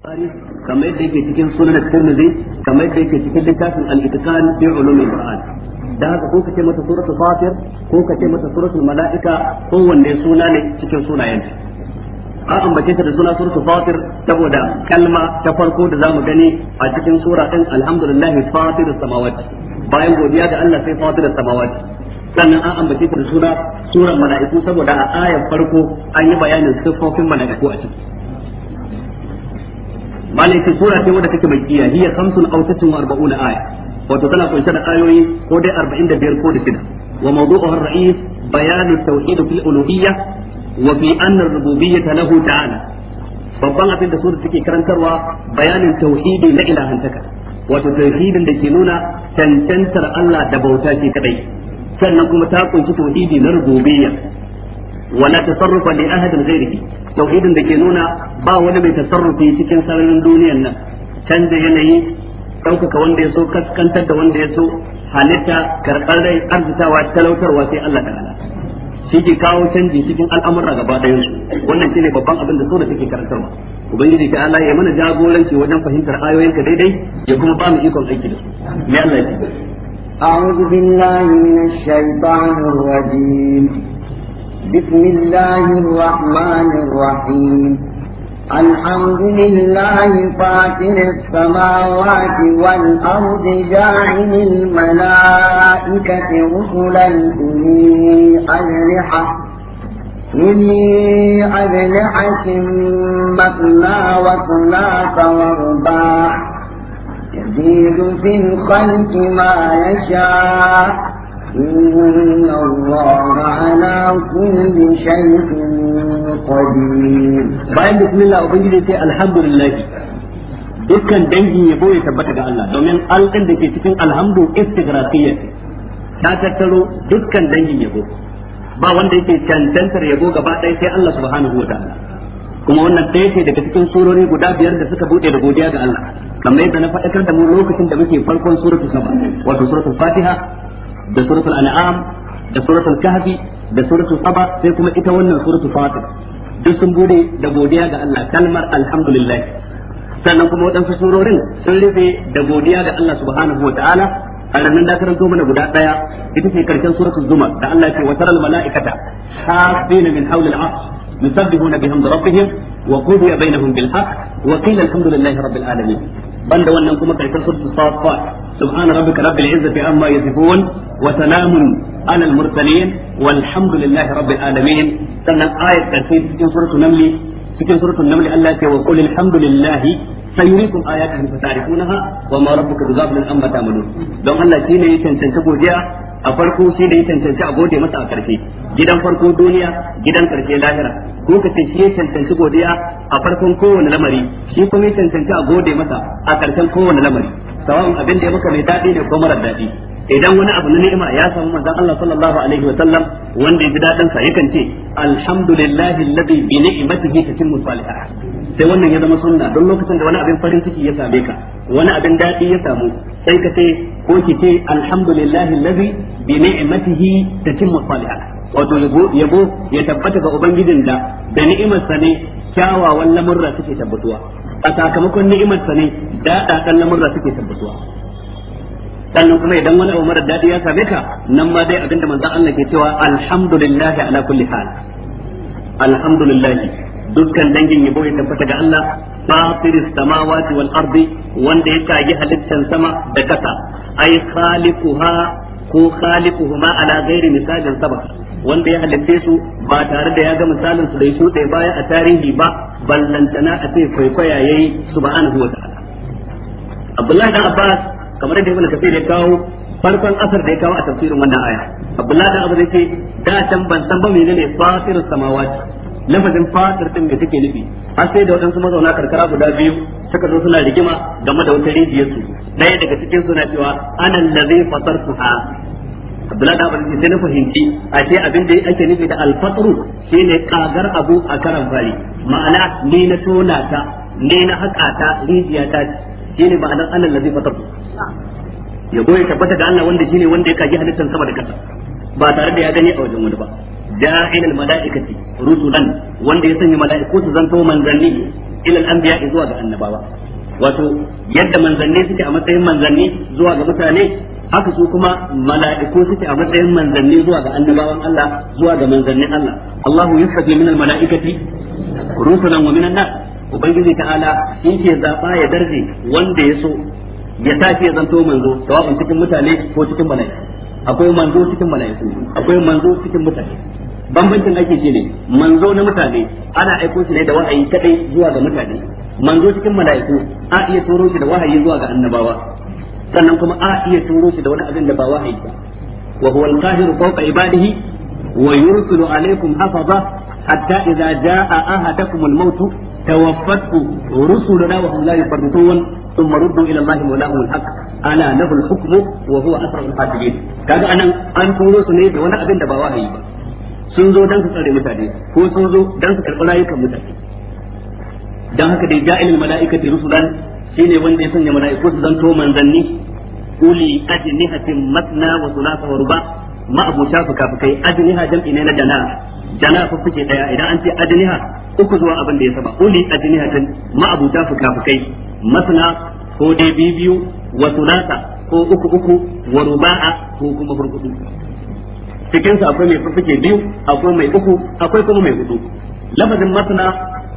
kamar yadda yake cikin سنن الترمذي كما يدك yadda yake cikin littafin al-Itqan fi ulumil da haka ko kace mata suratul Fatir ko kace mata suratul Mala'ika ko wanne suna ne cikin sunayen a ambace ta da suna suratul Fatir saboda kalma ta farko da zamu gani a cikin sura din alhamdulillah as-samawat bayan godiya ga Allah sai as-samawat sannan an ambace ta da sura suran mala'iku saboda a ayar farko an yi bayanin sifofin mala'iku a ciki malaikin sura ce wanda take mai kiya hiya khamsun aw tatun arba'una aya wato tana kunshe da ayoyi ko dai 45 ko da shida wa mawdu'uha ar-ra'is bayanu tauhid fil uluhiyyah wa fi anna ar-rububiyyah lahu ta'ala babban abin da sura take karantarwa bayanin tauhidi na ilahantaka wato tauhidin da ke nuna tantantar Allah da bauta shi kadai sannan kuma ta kunshi tauhidi na rububiyya wala tasarrufa li ahadin ghairihi tauhidin da ke nuna ba wani mai tasarrufi cikin sararin duniyar nan canza yanayi ɗaukaka wanda ya so kaskantar da wanda ya so halitta karɓar rai arzitawa talautarwa sai Allah ta'ala shi ke kawo canji cikin al'amura gaba ɗayan su wannan shine babban abin da sura take karantarwa ubangiji ta Allah ya mana jagoranci wajen fahimtar ayoyin ka daidai ya kuma ba mu ikon aiki da su ya Allah ya أعوذ بالله من الشيطان الرجيم بسم الله الرحمن الرحيم الحمد لله فاطر السماوات والأرض جاعل الملائكة رسلا أولي أجنحة أولي أجنحة مثنى وثلاث ورباع يزيد في الخلق ما يشاء إن الله على كل شيء dukkan dangin yabo ya tabbata ga Allah domin alƙin da ke cikin alhamdu istigrafiyya ta tattaro dukkan dangin yabo ba wanda yake cancantar yabo gaba ɗaya sai Allah subhanahu wa ta'ala kuma wannan ɗaya ce daga cikin surori guda biyar da suka buɗe da godiya ga Allah kamar yadda na faɗakar da mu lokacin da muke farkon suratul saba wato suratul fatiha da suratul an'am da suratul kahfi da suratul saba sai kuma ita wannan suratul fatir duk sun bude da godiya ga Allah kalmar alhamdulillah sannan kuma waɗansu surorin sun rufe da godiya ga Allah subhanahu wa ta'ala a ranar da karanto mana guda ɗaya ita ce karshen suratul zumar da Allah ya ce wa taral mala'ikata hafina min hawlil arsh yusabbihuna bihamdi rabbihim wa qudiya bainahum bil haqq wa qila alhamdulillahi rabbil alamin banda wannan kuma karshen suratul safat subhana rabbika rabbil izzati amma yasifun wa salamun ala al mursalin walhamdulillahi rabbil alamin sannan ayat cikin suratul cikin suratul Allah ya ce wa qul alhamdulillahi sayurikum ayatihi fatarifunaha wa ma rabbuka bighafilin amma ta'malun don Allah shine ya cancanta godiya a farko shi da ya cancanci a gode masa a karshe gidan farko duniya gidan karshe lahira ko ka ce shi ya cancanci godiya a farkon kowane lamari shi kuma ya cancanci a gode masa a karshen kowane lamari sawan abin da ya maka mai daɗi ne ko marar daɗi idan wani abu na ni'ima ya samu manzon Allah sallallahu alaihi wa sallam wanda ya ji daɗin sa yakan ce alhamdulillahi alladhi bi ni'matihi tatimmu salihah sai wannan ya zama sunna don lokacin da wani abin farin ciki ya same ka wani abin daɗi ya samu sai ka ce ko ki ce alhamdulillahi allazi bi ni'matihi tatimmu salihat wato yabo yabo ya tabbata ga ubangijin da da ni'imarsa ne kyawawan lamurra suke tabbatuwa a sakamakon ni'imarsa ne da dadan lamurra suke tabbatuwa sannan kuma idan wani abu mara daɗi ya same ka nan ma dai abinda manzon Allah ke cewa alhamdulillah ala kulli hal alhamdulillah dukkan dangin yabo ya tabbata ga Allah فاطر السماوات والأرض وان دي كاجي حلتن سما دكتا أي خالقها ko khaliquhuma ala ghairi misalin sabaq wanda ya halitte su ba tare da ya ga misalin su da ya shuɗe baya a tarihi ba ballantana a ce kwaikwaya yayi subhanahu wa ta'ala Abdullahi dan Abbas kamar da Ibn Kathir ya kawo farkon asar da ya kawo a tafsirin wannan aya Abdullahi dan Abbas yake da can ban san ba menene fatirus samawati lafazin fatir din da take nufi har sai da wadansu mazauna karkara guda biyu suka zo suna rigima game da wata rijiyar su ɗaya daga cikin suna cewa anan ladhi fatartuha Abdullahi da Abdullahi sai na fahimci a ce abin da ake nufi da alfatru shine kagar abu a karan fari ma'ana ni na tona ta ni na haka ta rijiya ta shine ma'anar anan ladhi fatartu ya ya tabbata da Allah wanda shine wanda ya kaji halittar sama da kasa ba tare da ya gani a wajen wani ba da al-mala'ikati rusulan wanda ya sanya mala'iku su zanto manzanni ilal anbiya zuwa ga annabawa wato yadda manzanni suke a matsayin manzanni zuwa ga mutane haka su kuma mala'iku suke a matsayin manzanni zuwa ga annabawan Allah zuwa ga manzanni Allah Allahu yusabbi minal mala'ikati rusulan wa minan nas ubangiji ta'ala shi ke zaba ya darje wanda ya so ya tafi ya zanto manzo tawabin cikin mutane ko cikin mala'iku akwai manzo cikin mala'iku akwai manzo cikin mutane bambancin ake shi ne manzo na mutane ana aiko shi ne da wahayi kadai zuwa ga mutane manzo cikin mala'iku a iya turo shi da wahayi zuwa ga annabawa sannan kuma a iya turo shi da wani abin da ba wahayi ba wa huwa al-qahiru fawqa ibadihi wa yursilu alaykum hafaza hatta idza jaa ahadakum al-maut توفتكم رسلنا وهم لا يفرطون ثم ردوا الى الله مولاهم الحق الا له الحكم وهو اسرع الحاسبين كذا انا ان تورثني وانا ابن دبا وهي sun zo dan su tsare mutane ko sun zo dan su karɓi rayukan mutane dan haka dai ja'ilul mala'ikati rusulan shine wanda ya sanya mala'iku su zanto manzanni uli ajnihatin matna wa thulatha wa ruba ma abuta fukafukai ajniha jam'i ne na jana jana fuffuke daya idan an ce ajniha uku zuwa abin da ya saba uli ajnihatin ma kafi kai matna ko dai biyu wa thulatha ko uku uku wa ruba'a ko kuma hurkudu cikin su akwai mai fufuke biyu akwai mai uku akwai kuma mai hudu lafazin masana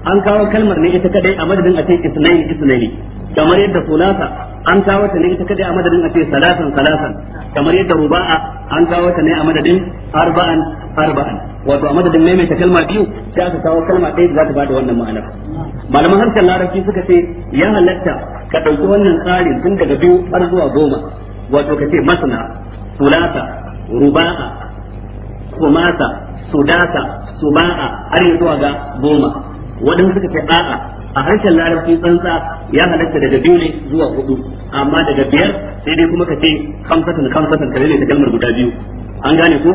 an kawo kalmar ne ita kadai a madadin a ce isnaini isnaini kamar yadda sulasa an kawo ta ne ita kadai a madadin a ce salasan salasan kamar yadda ruba'a an kawo ta ne a madadin arba'an arba'an wato a madadin mai ta kalma biyu sai aka kawo kalma ɗaya da za ta bada wannan ma'anar malaman harshen larabci suka ce ya halatta ka ɗauki wannan tsarin tun daga biyu har zuwa goma wato ka ce masana sulasa ruba'a kumasa sudasa suba'a har zuwa ga goma wadanda suka fi a'a a harshen larabci tsantsa ya halatta daga biyu ne zuwa hudu amma daga biyar sai dai kuma ka ce kamfatan kamfatan kare ne ta kalmar guda biyu an gane ko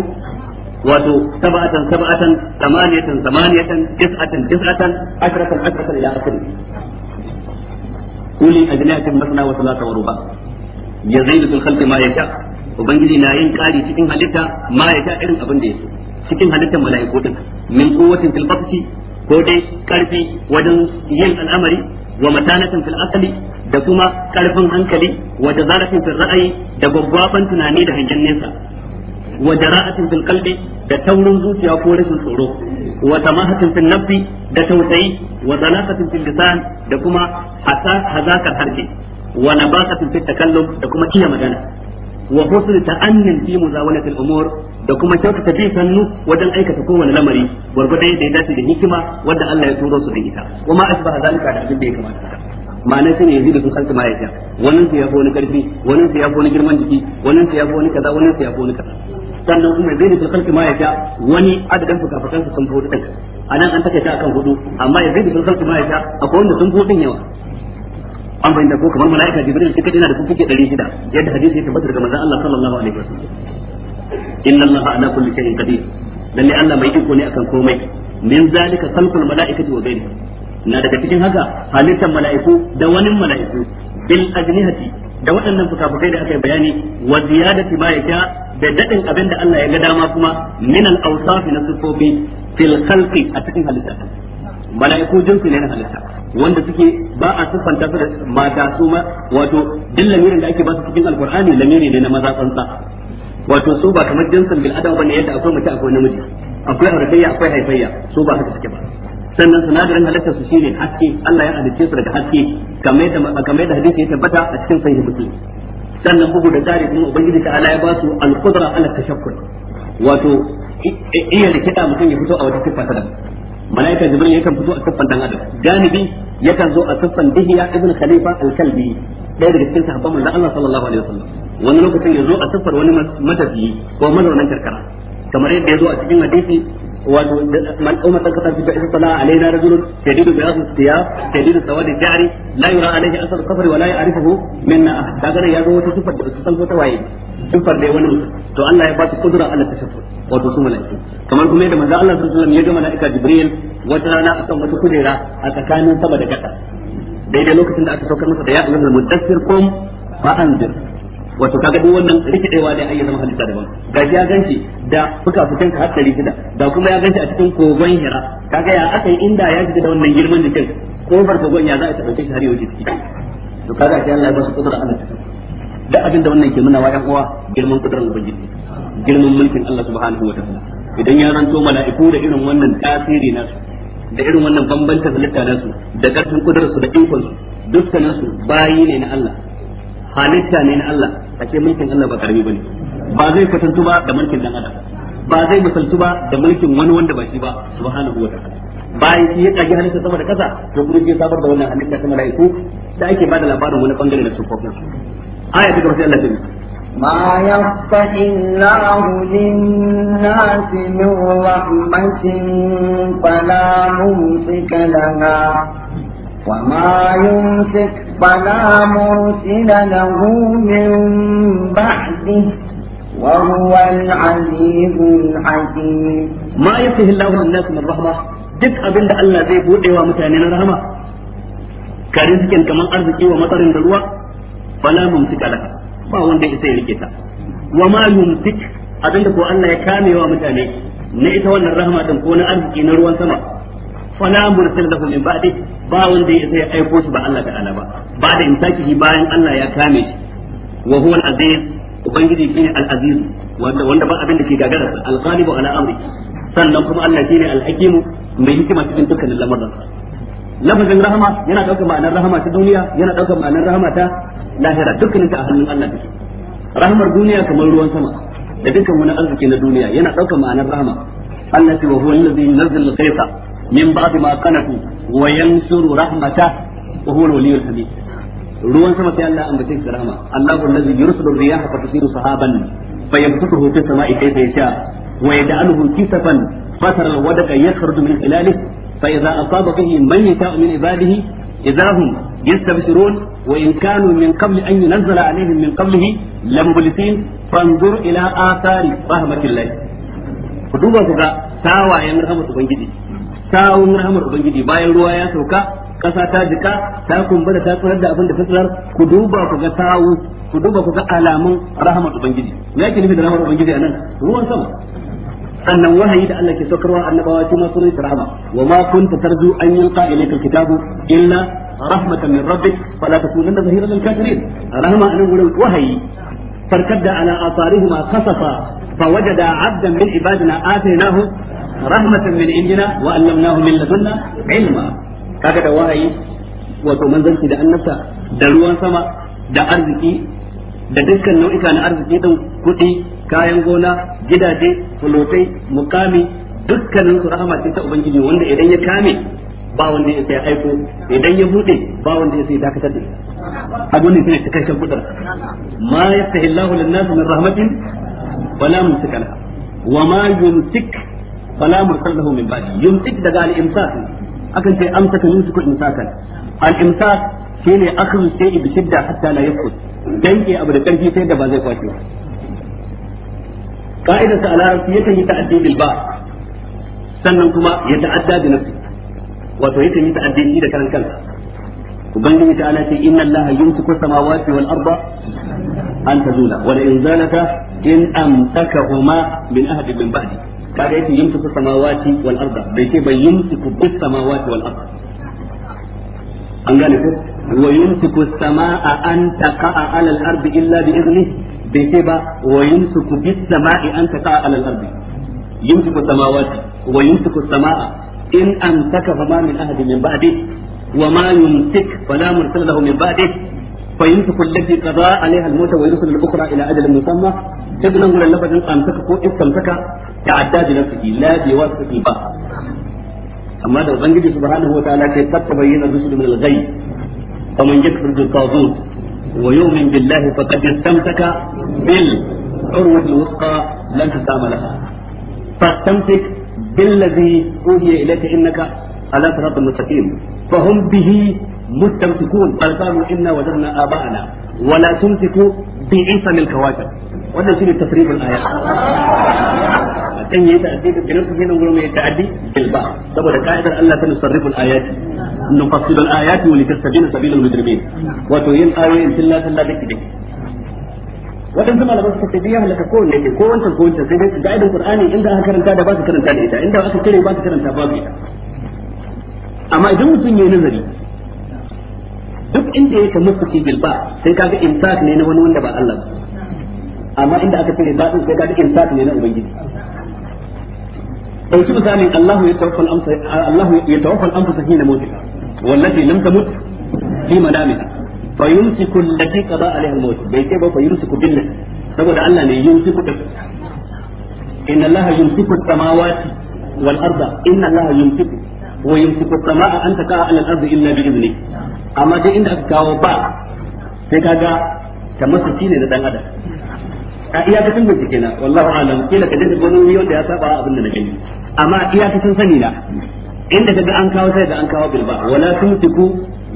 wato saba'atan saba'atan samaniyatan samaniyatan tis'atan tis'atan ashratan ashratan ila wasu قولي أجنحة مثنى وثلاثة ورباع sun في ma ya يشاء ubangiji na yin kari cikin halitta ma ya ta irin abin da ya so cikin halittar mala'iku min quwwatin fil ko dai karfi wajen yin al'amari wa matanatin fil asali da kuma karfin hankali wa jazaratin fil ra'ayi da gwaggwaban tunani da hangen nesa wa jara'atin fil da taurin zuciya ko rashin tsoro wa samahatin fil da tausayi wa zalaqatin fil da kuma hazakar harke wa nabasatin fil da kuma iya magana wa husn ta'annin fi muzawalatil umur da kuma kyautata bi sannu wajen aikata kowane lamari gurgurdan da ya dace da hikima wanda Allah ya turo su da ita kuma asbaha zalika da abin da ya kamata ma'ana shine yanzu da sun san kuma yaya wannan su ya fi wani karfi wannan su ya fi wani girman jiki wannan su ya fi wani kaza wannan su ya fi wani kaza sannan kuma zai nufi kalki ma yaya wani adadin fukafukan su sun fi hudu din a nan an takaita akan hudu amma yanzu da sun san ma yaya akwai wanda sun fi hudun yawa an bayyana ko kamar malaika jibril shi kadai yana da fuffuke 600 yadda hadisi ya tabbata daga manzon Allah sallallahu alaihi wasallam inna allaha ala kulli shay'in qadir lalle Allah mai iko ne akan komai min zalika khalqul malaikati wa ghayrihi na daga cikin haka halittar mala'iku da wani mala'iku bil ajnihati da waɗannan fukafukai da aka yi bayani wa ziyadati ma da dadin abin da Allah ya ga dama kuma min al awsaf na sifofi fil khalqi a cikin halitta mala'iku jinsi ne na halitta wanda suke ba a siffanta su da mata su ma wato duk lamirin da ake ba su cikin alkur'ani lamiri ne na maza tsantsa wato su ba kamar jinsin bil adam bane yadda akwai mace akwai namiji akwai auratayya akwai haifayya su ba haka suke ba sannan sinadarin halittar su shine haske Allah ya halicce su daga haske kamar yadda kamar yadda hadisi ya tabbata a cikin sahih muslim sannan bugu da tsari kuma ubangiji ta ala ya ba su al-qudra ala tashakkul wato iya rikida mutum ya fito a wata siffa ta malaika jibril yakan fito a kafan dan adam janibi yakan zo a siffan dihiya ibn khalifa al-kalbi Daya daga cikin sahabban manzon Allah sallallahu alaihi wasallam wani lokacin ya zo a siffar wani matafiyi ko mazaunan karkara kamar yadda ya zo a cikin hadisi wato man umma ta kasar fita sallallahu alaihi wa sallam shadidu bi asr tiya shadidu sawadi jari la yura alaihi asar kafar wa la ya'rifuhu minna ahad daga ya zo wata siffar da su san ko ta waye siffar da wani to Allah ya ba su kudura Allah shafa wato su mala'iku kamar kuma yadda manzo Allah sallallahu alaihi wasallam ya ga mala'ika Jibril wata rana akan wata kujera a tsakanin sama da ƙasa daidai lokacin da aka saukar masa da ya ayyuhal mudaththir kum fa anzir wato kaga duk wannan rikidewa da ayyukan halitta daban ga ya ganci da fuka-fukan ka har shida da kuma ya ganci a cikin kogon Hira kaga ya aka yi inda ya ji da wannan girman jikin kofar kogon ya za a tabbata shi har yau jiki to kaga sai Allah ya ba su kudura Allah da abin da wannan ke nuna wa ƴan uwa girman kudurar ubangiji girman mulkin Allah subhanahu wa ta'ala idan ya zanto mala'iku da irin wannan tasiri nasu da irin wannan bambancin halitta nasu da karfin kudurarsu da ikon su dukkan su bayi ne na Allah halitta ne na Allah a ce mulkin Allah ba karami bane ba zai kwatantu ba da mulkin dan adam ba zai misaltu ba da mulkin wani wanda ba shi ba subhanahu wa ta'ala bayan shi ya kage halitta sama da kasa to kuma ya sabar da wannan halitta ta mala'iku da ake bada labarin wani bangare da kofin aya ta gaba sai Allah ta ما يفتح الله للناس من رحمة فلا ممسك لها وما يمسك فلا مرسل له من بعده وهو العزيز الحكيم ما يفتح الله للناس من رحمة duk abinda Allah zai bude wa mutane na rahama karin suken kamar arziki wa matsarin da ruwa fala mumsika laka ba wanda isa ya rike ta wa ma yumsik abinda ko Allah ya kame wa mutane na ita wannan rahama din ko na arziki na ruwan sama fala mursal lahu min ba'di ba wanda ya isa ya aiko shi ba Allah ta'ala ba ba da imsakihi bayan Allah ya kame shi wa huwa al-aziz ubangiji shine al-aziz wanda wanda ba abin da ke gagara al-ghalibu ala amri sannan kuma Allah shine al-hakim mai hikima cikin dukkanin lamarin lafazin rahama yana daukar ma'anar rahama ta duniya yana daukar ma'anar rahama ta lahira dukkanin ta a hannun Allah take rahamar duniya kamar ruwan sama da dukkan wani arziki na duniya yana daukar ma'anar rahama Allah ta wa huwa allazi nazzala al-ghaytha min ba'di ma qanatu wa yansuru rahmatahu wa huwa al-waliyyul hamid ruwan sama sai Allah ambace shi rahama Allahu allazi yursilu riyaha fa tusiru sahaban fa yamsukuhu fi samai kayfa yasha wa yaj'aluhu kisafan fatara al-wadqa yakhruju min khilalihi fa idza asaba bihi man yata'u min ibadihi idza hum yastabshirun wa in kanu min ku duba ku ga tawayen rahmar ubangiji bayan ruwa ya sauka Ƙasa ta jika ta kumbura ta tsarar da da ta tsirar ku duba ku ga tawu ku duba alamun da anan ruwan sannan wahayi da Allah ke saukarwa annabawa shi ma sunan rahama wa ma kunta tarju an yulqa ilayka alkitabu illa rahmatan min rabbik fala takunanna zahiran lil kafirin rahama anan gurin wahayi farkadda ala asarihima khasafa فوجد عبدا من عبادنا آتيناه رحمة من عندنا وعلمناه من لدنا علما kaga da wahayi wato manzanci da annabta da ruwan sama da arziki da dukkan nau'ika na arziki din kuɗi kayan gona gidaje fulotai mukami dukkanin su rahama ce ta ubangiji wanda idan ya kame ba wanda ya sai aiko idan ya bude ba wanda ya sai dakatar da abun ne shine cikakken kudar ma yaftahillahu lin-nas min rahmatin wala mumsikala wa ma yumsik fala mursal min ba'di yumsik daga al-imsak akan sai amsaka yumsiku imsakan al-imsak shine akhdhu shay'i bi shidda hatta la yakut danke abu da karfi sai da ba zai kwace ba ka'idar sa a larabci yakan yi ta'addi bil ba sannan kuma ya ta'adda bi nafsi wato yakan yi ta'addi ni da karan kansa ubangiji ta ala ce inna allaha yumsiku samawati wal arda an tazula wa in zalata in amsakahuma min ahadin min ba'di kaga yake yumsiku samawati wal arda bai ce wal an gane ko an illa bi idnihi bai ce ba wa yumsiku bis sama'i an taqa'a alal ardi yumsiku samawati wa ku samaa in amsaka fama min ahadin min ba'di wa ma yumsik fala mursala lahu min ba'di فيمسك التي قضى عليها الموت ويرسل الاخرى الى اجل مسمى تبنه للفظ امسك كو استمسك تعدى بنفسه لا بواسطه البحر amma da ubangiji subhanahu wa ta'ala kai tabbayyana rusul min al-ghayb faman yakfur bil ويؤمن بالله فقد استمسك بالعروة الوثقى لا انقسام لها فاستمسك بالذي أوحي إليك إنك على صراط مستقيم فهم به مستمسكون بل قالوا إنا وجدنا آباءنا ولا تمسكوا بعصم الكواكب ولا شيء تفريغ الآيات dan yayi ta da kinan kuma nan gurin mai ta'addi bil saboda ka'idar Allah ta nusarrifu al-ayati nufassilu al-ayati wa litastabina sabilal mujrimin wato yin ayoyin tilla tilla dake dake waɗansu malaman suka ce ya halaka kowanne ne ko wancan ko wancan sai dai ga'idan qur'ani inda aka karanta da ba su karanta da ita inda aka kare ba su karanta ba ita amma idan mutum yayi nazari duk inda yake mutsaki bil bilba, sai kaga imsak ne na wani wanda ba Allah ba amma inda aka kare ba sai kaga imsak ne na ubangiji dauki misalin Allahu ya tawaffal amsa Allahu ya tawaffal amsa hina mutiha wallati lam tamut fi manamiha fa yumsiku allati qada alaiha al-maut bai ce ba fa yumsiku billah saboda Allah ne yumsiku da inna Allaha yumsiku as-samawati wal arda inna Allaha yumsiku wa yumsiku as-samaa an taqa ala al-ardi illa bi idhnihi amma dai inda aka kawo ba sai kaga tamassuki ne da dan adam a iyakacin bincike na wallahu alam kila ka dinga gonin wanda ya saba abin da na gani amma iyakacin sani na inda kaga an kawo sai da an kawo bilba wala tumtiku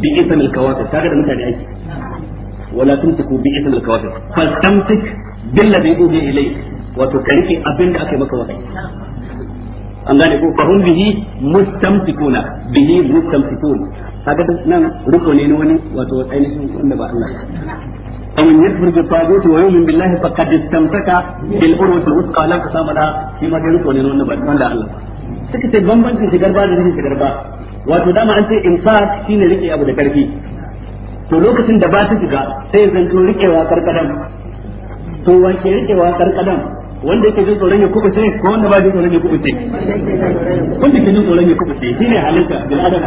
bi ismil kawafir kaga da mutane ake wala tumtiku bi ismil kawafir fastamtik billadhi uhiya ilayk wato karki abin da aka yi maka wahayi an gane ko fahum bihi mustamtikuna bihi mustamtikun kaga nan ruko ne wani wato ainihin wanda ba Allah ومن يكفر بالطاغوت ويؤمن بالله فقد استمسك بالعروة الوثقى لا انقسام لها فيما بينك وبين النبي من الله suka ce bambancin shigar ba da rikin shigar ba wato dama an ce infaq shine rike abu da karfi to lokacin da ba ta shiga sai zan to rikewa karkadan to wace rikewa karkadan wanda yake jin tsoron ya kubuce ko wanda ba jin tsoron ya kubuce wanda ke jin tsoron ya kubuce shine halitta bil adam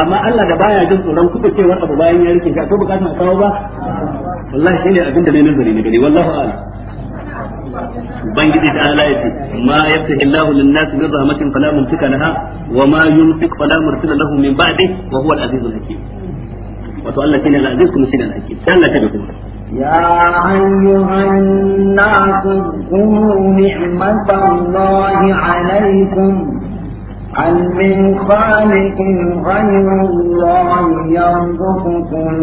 amma Allah da baya jin tsoron kubucewar abu bayan ya rike ka ko bukatun a kawo ba wallahi shine abin da ne nazari ne gani wallahu a'lam ubangiji ta ala yace ma yaftahi Allahu lin-nas min rahmatin fala mumsika laha wa ma yumsik fala mursila lahu min ba'di wa huwa al-azizul hakim wato Allah shine al-aziz kuma shine al-hakim sai Allah ta da kuma يا أيها الناس اذكروا نعمة الله عليكم هل من خالق غير الله يرزقكم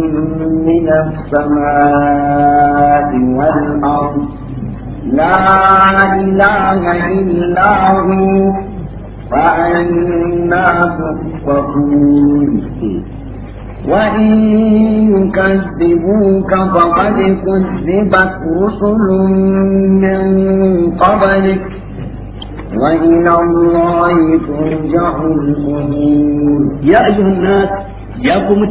من السماء والأرض لا إله إلا هو فأنا تتقون وإن يكذبوك فقد كذبت رسل من قبلك وإلى الله ترجع الأمور يا أيها الناس يا قوم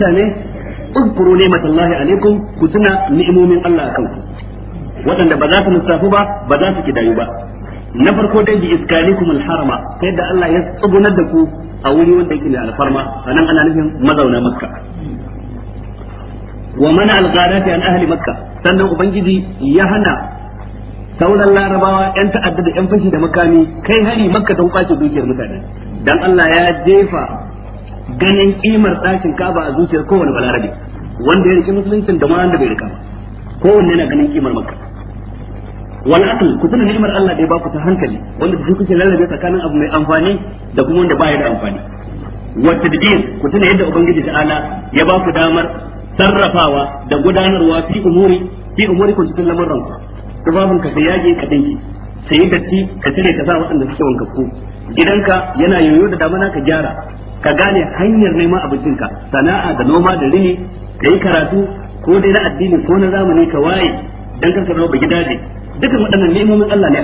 اذكروا نعمة الله عليكم كتنا نعم من الله كنكم waɗanda ba za su lissafu ba ba za su kidayu ba na farko a wuri wanda yake mai alfarma sanan ana nufin mazauna makka wa mana alqadati an ahli makka sannan ubangiji ya hana sauran larabawa yan ta'adda da yan fashi da makami kai hari makka don kwace dukiyar mutane dan Allah ya jefa ganin kimar dakin kaba a zuciyar kowane balarabe wanda ya riki musuluncin da ma wanda bai rika ba kowanne na ganin kimar makka wani akal ku tuna ni'imar Allah da ya baku ta hankali wanda ku kuke lallabe tsakanin abu mai amfani da kuma wanda baya da amfani da tadbir ku tuna yadda ubangiji Ala ya ba ku damar sarrafawa da gudanarwa fi umuri fi umuri kun cikin lamarin ku tubabun ka sai yaje ka dinki sai datti ka tare ka sa waɗanda suke ku gidanka yana yoyo da damana ka gyara ka gane hanyar neman abincinka sana'a da noma da rini ka karatu ko dai na addini ko na zamani ka waye dan kanka zama ba gidaje dukkan waɗannan nemomin Allah ne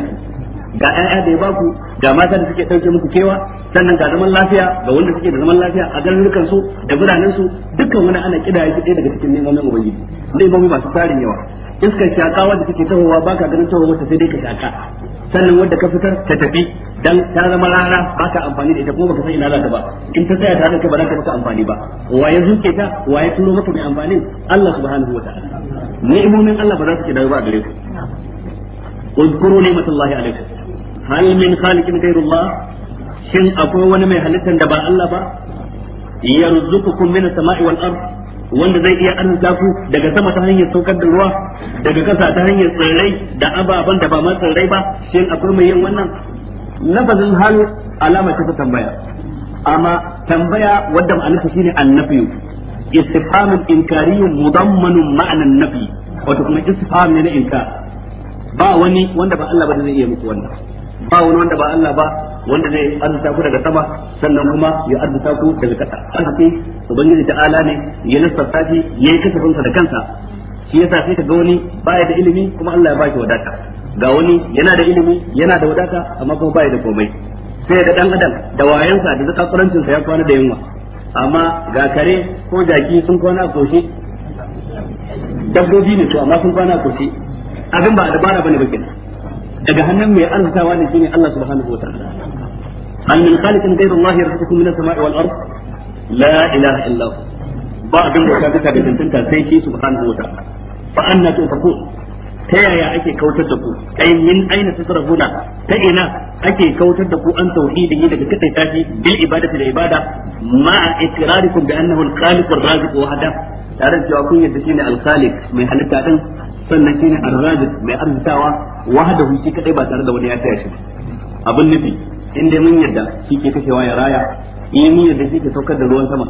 ga ƴaƴa da ya baku ga mata da suke ɗauke muku kewa sannan ga zaman lafiya ga wanda suke da zaman lafiya a garurukan su da biranen su dukkan wani ana kida ya ɗaya daga cikin ne'imomin ubangiji ne'imomi masu tarin yawa iskar shaka wanda take tahowa baka ganin tahowa sai dai ka shaka sannan wanda ka fitar ta tafi dan ta zama rana ba amfani da ita kuma baka san ina za ta ba in ta tsaya tare da kai ba za ta maka amfani ba waye zuke ta waye turo maka mai amfanin Allah subhanahu wataala ni imomin Allah ba za su ke dawo ba gare ku اذكروا نعمة الله عليكم هل من خالق غير الله shin akwai wani mai halittar da ba Allah ba yarzuqukum min as-sama'i wal ard wanda zai iya arzuta daga sama ta hanyar saukar da ruwa daga ƙasa ta hanyar tsirrai da ababen da ba ma tsirrai ba shin akwai mai yin wannan lafazin hal alama ta tambaya amma tambaya wadda ma'anarsa shine annabi istifhamun inkariyun mudammanun ma'anan nafi wato kuma istifham ne na inkar ba wani wanda ba Allah ba zai iya muku wannan ba wani wanda ba Allah ba wanda zai arzuta ku daga sama sannan kuma ya arzuta ku daga kasa arziki ubangiji ala ne ya lissafta shi yayi kasafin sa da kansa shi yasa sai ka ga wani ya da ilimi kuma Allah ya baki wadata ga wani yana da ilimi yana da wadata amma kuma ba ya da komai sai ga dan adam da wayansa da zakakurancin sa ya kwana da yunwa amma ga kare ko jaki sun kwana a koshi dabbobi ne to amma sun kwana a koshi abin ba a dabara bane ba kenan daga hannun mai arzikawa ne shine Allah subhanahu wataala hal min khaliqin ghayra Allah yarzuqukum min as-sama'i wal ard la ilaha illa hu ba abin da kaga ta dantanta sai shi subhanahu wataala fa anna tufakun ta yaya ake kautar da ku ai min aina tasrafuna ta ina ake kautar da ku an tauhidi daga kadai tafi bil ibadati da ibada ma iqrarikum bi annahu al-khaliq ar-raziq wa hada tare da cewa kun yadda shine al-khaliq mai halitta din sannan shine ar-razik mai arzikawa wahadahu shi kadai ba tare da wani ya taya shi abin nufi in dai mun yarda shi ke kashewa ya raya in mun yarda shi ke saukar da ruwan sama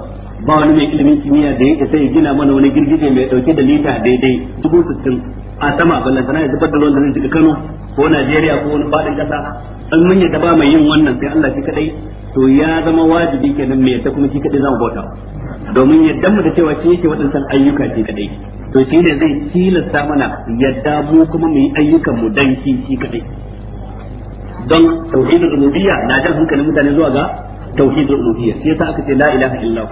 ba wani mai ilimin kimiyya da yake sai gina mana wani girgije mai dauke da lita daidai dubu sittin a sama ballantana ya zubar da ruwan da zai Kano ko Najeriya ko wani fadin kasa in mun yarda ba mai yin wannan sai Allah shi kadai to ya zama wajibi kenan me ta kuma shi kadai zama bauta domin yadda mu da cewa shi yake waɗansan ayyuka shi kadai to shi ne zai tilasta mana yadda mu kuma mu yi ayyukan mu dan shi shi kadai don tauhidul rububiyya na jan hankalin mutane zuwa ga tauhidul rububiyya sai ta aka ce la ilaha illa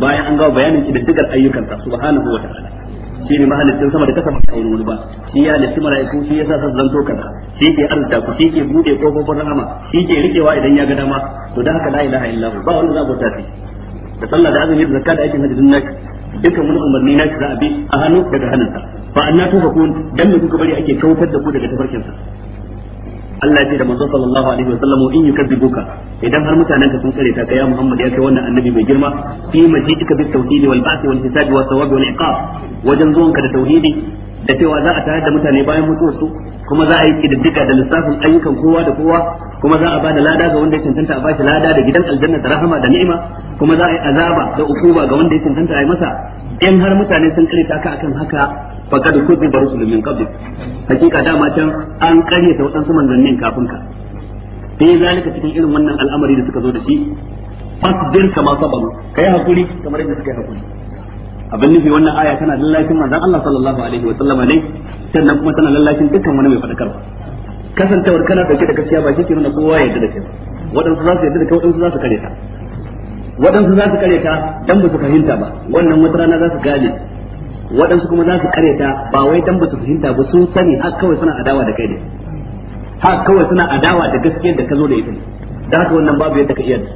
bayan an ga bayanin dukkan ayyukan ta subhanahu wa ta'ala shi ne mahalicin sama da kasa ba kawai wani ba shi ya halitta mala'iku shi ya sa su zanto kaza shi ke arzuta ku shi ke bude kofofin rahama shi ke rikewa idan ya ga dama to da haka la ilaha illa ba wani zabo ta da sallah da azumi da zakka da aikin hajji din naka dukkan wani umarni na za a bi a hannu daga hannunsa fa anna tufakun dan me kuka bari ake kautar da ku daga tafarkin sa Allah ce da manzo sallallahu alaihi wasallam in yukadzibuka idan har mutanen ka sun kare ta kai Muhammad ya kai wannan annabi mai girma fi majidika bit tauhid wal ba'th wal hisab wa thawab wal iqab wajen zuwanka da tauhidi da cewa za a tayar da mutane bayan mutuwar su kuma za a yi kididdiga da lissafin ayyukan kowa da kowa kuma za a bada lada ga wanda ya cancanta a bashi lada da gidan aljanna da rahama da ni'ima kuma za a yi azaba da ukuba ga wanda ya cancanta a yi masa in har mutane sun kare ka akan haka faqad kuziba rusulun min qabl hakika dama can an kare ta wadansu manzannin kafin ka sai zalika cikin irin wannan al'amari da suka zo da shi fasbir kama sabaru kai hakuri kamar yadda suka yi hakuri abin nufi wannan aya tana lallashin manzon Allah sallallahu alaihi wa sallama ne sannan kuma tana lallashin dukkan wani mai fadakarwa kasantawar kana dauke da gaskiya ba shi ke nuna kowa ya yarda da kai waɗansu za su yarda da kai waɗansu za su kare ka waɗansu za su kare ta dan ba su fahimta ba wannan wata rana za su gane waɗansu kuma za su kare ta ba wai dan ba su fahimta ba sun sani har kawai suna adawa da kai ne har kawai suna adawa da gaskiyar da ka zo da ita ne da haka wannan babu yadda ka iya da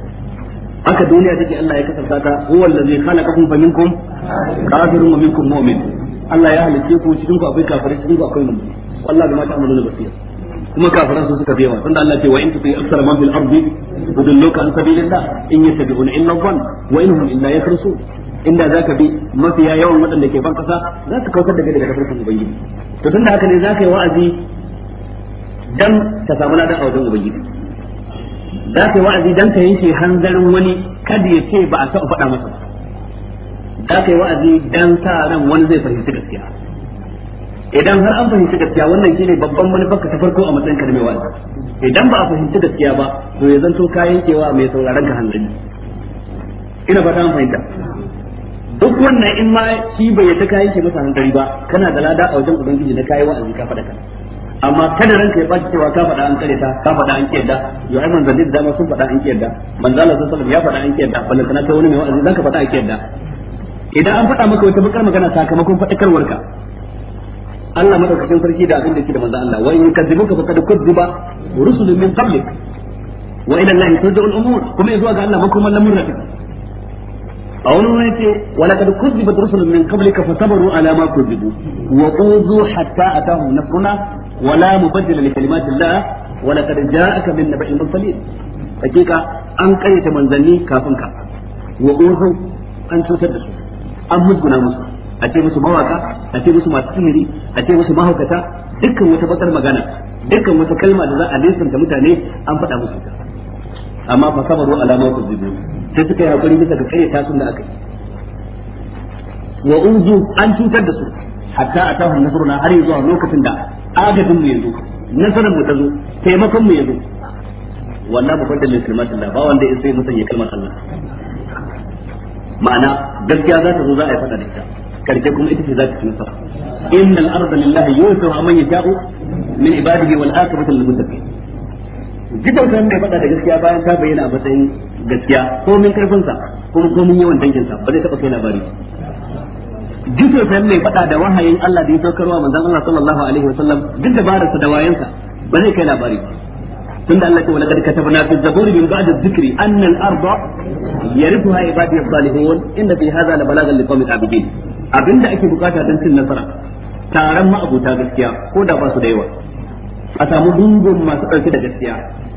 haka duniya take Allah ya kasanta ta huwa allazi khalaqakum fa minkum kafirun wa minkum mu'min Allah ya halice ku cikin ku akwai kafirai cikin ku akwai mu'min wallahi bima ta'maluna basira. kuma kafiran su suka bewa tunda Allah ce wa in tuti aksar man fil ardi yudilluka an sabilillah in yattabi'una illa dhann wa innahum illa yakhrusun inda zaka bi mafiya yawan waɗanda ke ban kasa za ka kautar da kai daga kafirin ubangiji to tunda haka ne zaka yi wa'azi dan ka samu ladan a wajen ubangiji za ka yi wa'azi dan ka yanke hanzarin wani kada ya ce ba a taɓa faɗa masa za ka yi wa'azi dan sa ran wani zai fahimci gaskiya idan har an fahimci gaskiya wannan shine babban manufarka ta farko a matsayin ka mai wa'azi idan ba a fahimci gaskiya ba to ya zanto ka yankewa mai sauraron ka hanzari ina fata an fahimta duk wannan in ma shi bai yadda ka yanke masa hanzari ba kana da lada a wajen ubangiji na kayi wa'azi ka faɗa kanka amma kada ranka ya baki cewa ka faɗa an kare ta ka faɗa an kiyarda ya ai manzanni da dama sun faɗa an kiyarda manzala sallallahu ya faɗa an kiyarda ballan kana kai wani mai wa'azi zaka faɗa an kiyarda idan an faɗa maka wata bakar magana sakamakon faɗakarwarka Allah madaukakin sarki da abin da ke da manzo Allah wa in yukadzibuka faqad kudziba rusulun min qablik wa ila Allah turja'ul umur kuma yazo ga Allah makoman lamurra take a wani wani ce wala kad kuzibat rusulun min qablika sabaru ala ma kuzibu wa uzu hatta atahum nasruna wala mubaddila li kalimatillah wa laqad ja'aka min naba'il mursalin hakika an kayyata manzanni kafin ka wa urhu an cutar da su an musguna musu a ce musu mawaka a ce musu masu kimiri a ce musu mahaukata dukkan wata bakar magana dukkan wata kalma da za a nisanta mutane an faɗa musu amma fa sabaru alama ku zubi sai suka yi hakuri ga kayyata aka yi an cutar da su hatta atahum nasruna har zuwa lokacin da agajin mu yanzu nasarar mu ta zo taimakon mu yanzu wannan ba da kalmatin da ba wanda ya sai musanya kalmar Allah ma'ana gaskiya za ta zo za a yi fada da ita karshe kuma ita ce za ta tunsa nasara innal arda lillahi amma man yasha'u min ibadihi wal akhiratu lil muttaqin gidan kan mai fada da gaskiya bayan ta bayyana a matsayin gaskiya ko min karfin sa kuma ko mun yawan dangin sa ba zai taba kai labari duk sai mai fada da wahayin Allah da ya saukarwa manzon Allah sallallahu alaihi wasallam duk dabararsa da wayansa ba zai kai labari tunda Allah ce wa laqad katabna fi zaburi min ba'd adh-dhikri anna al-arda yarithuha ibadiy as-salihun inna fi hadha la balagan liqawmin abidin abinda ake bukata don cin nasara taron ma'abuta gaskiya ko da ba su da yawa a samu dungun masu ɗauke da gaskiya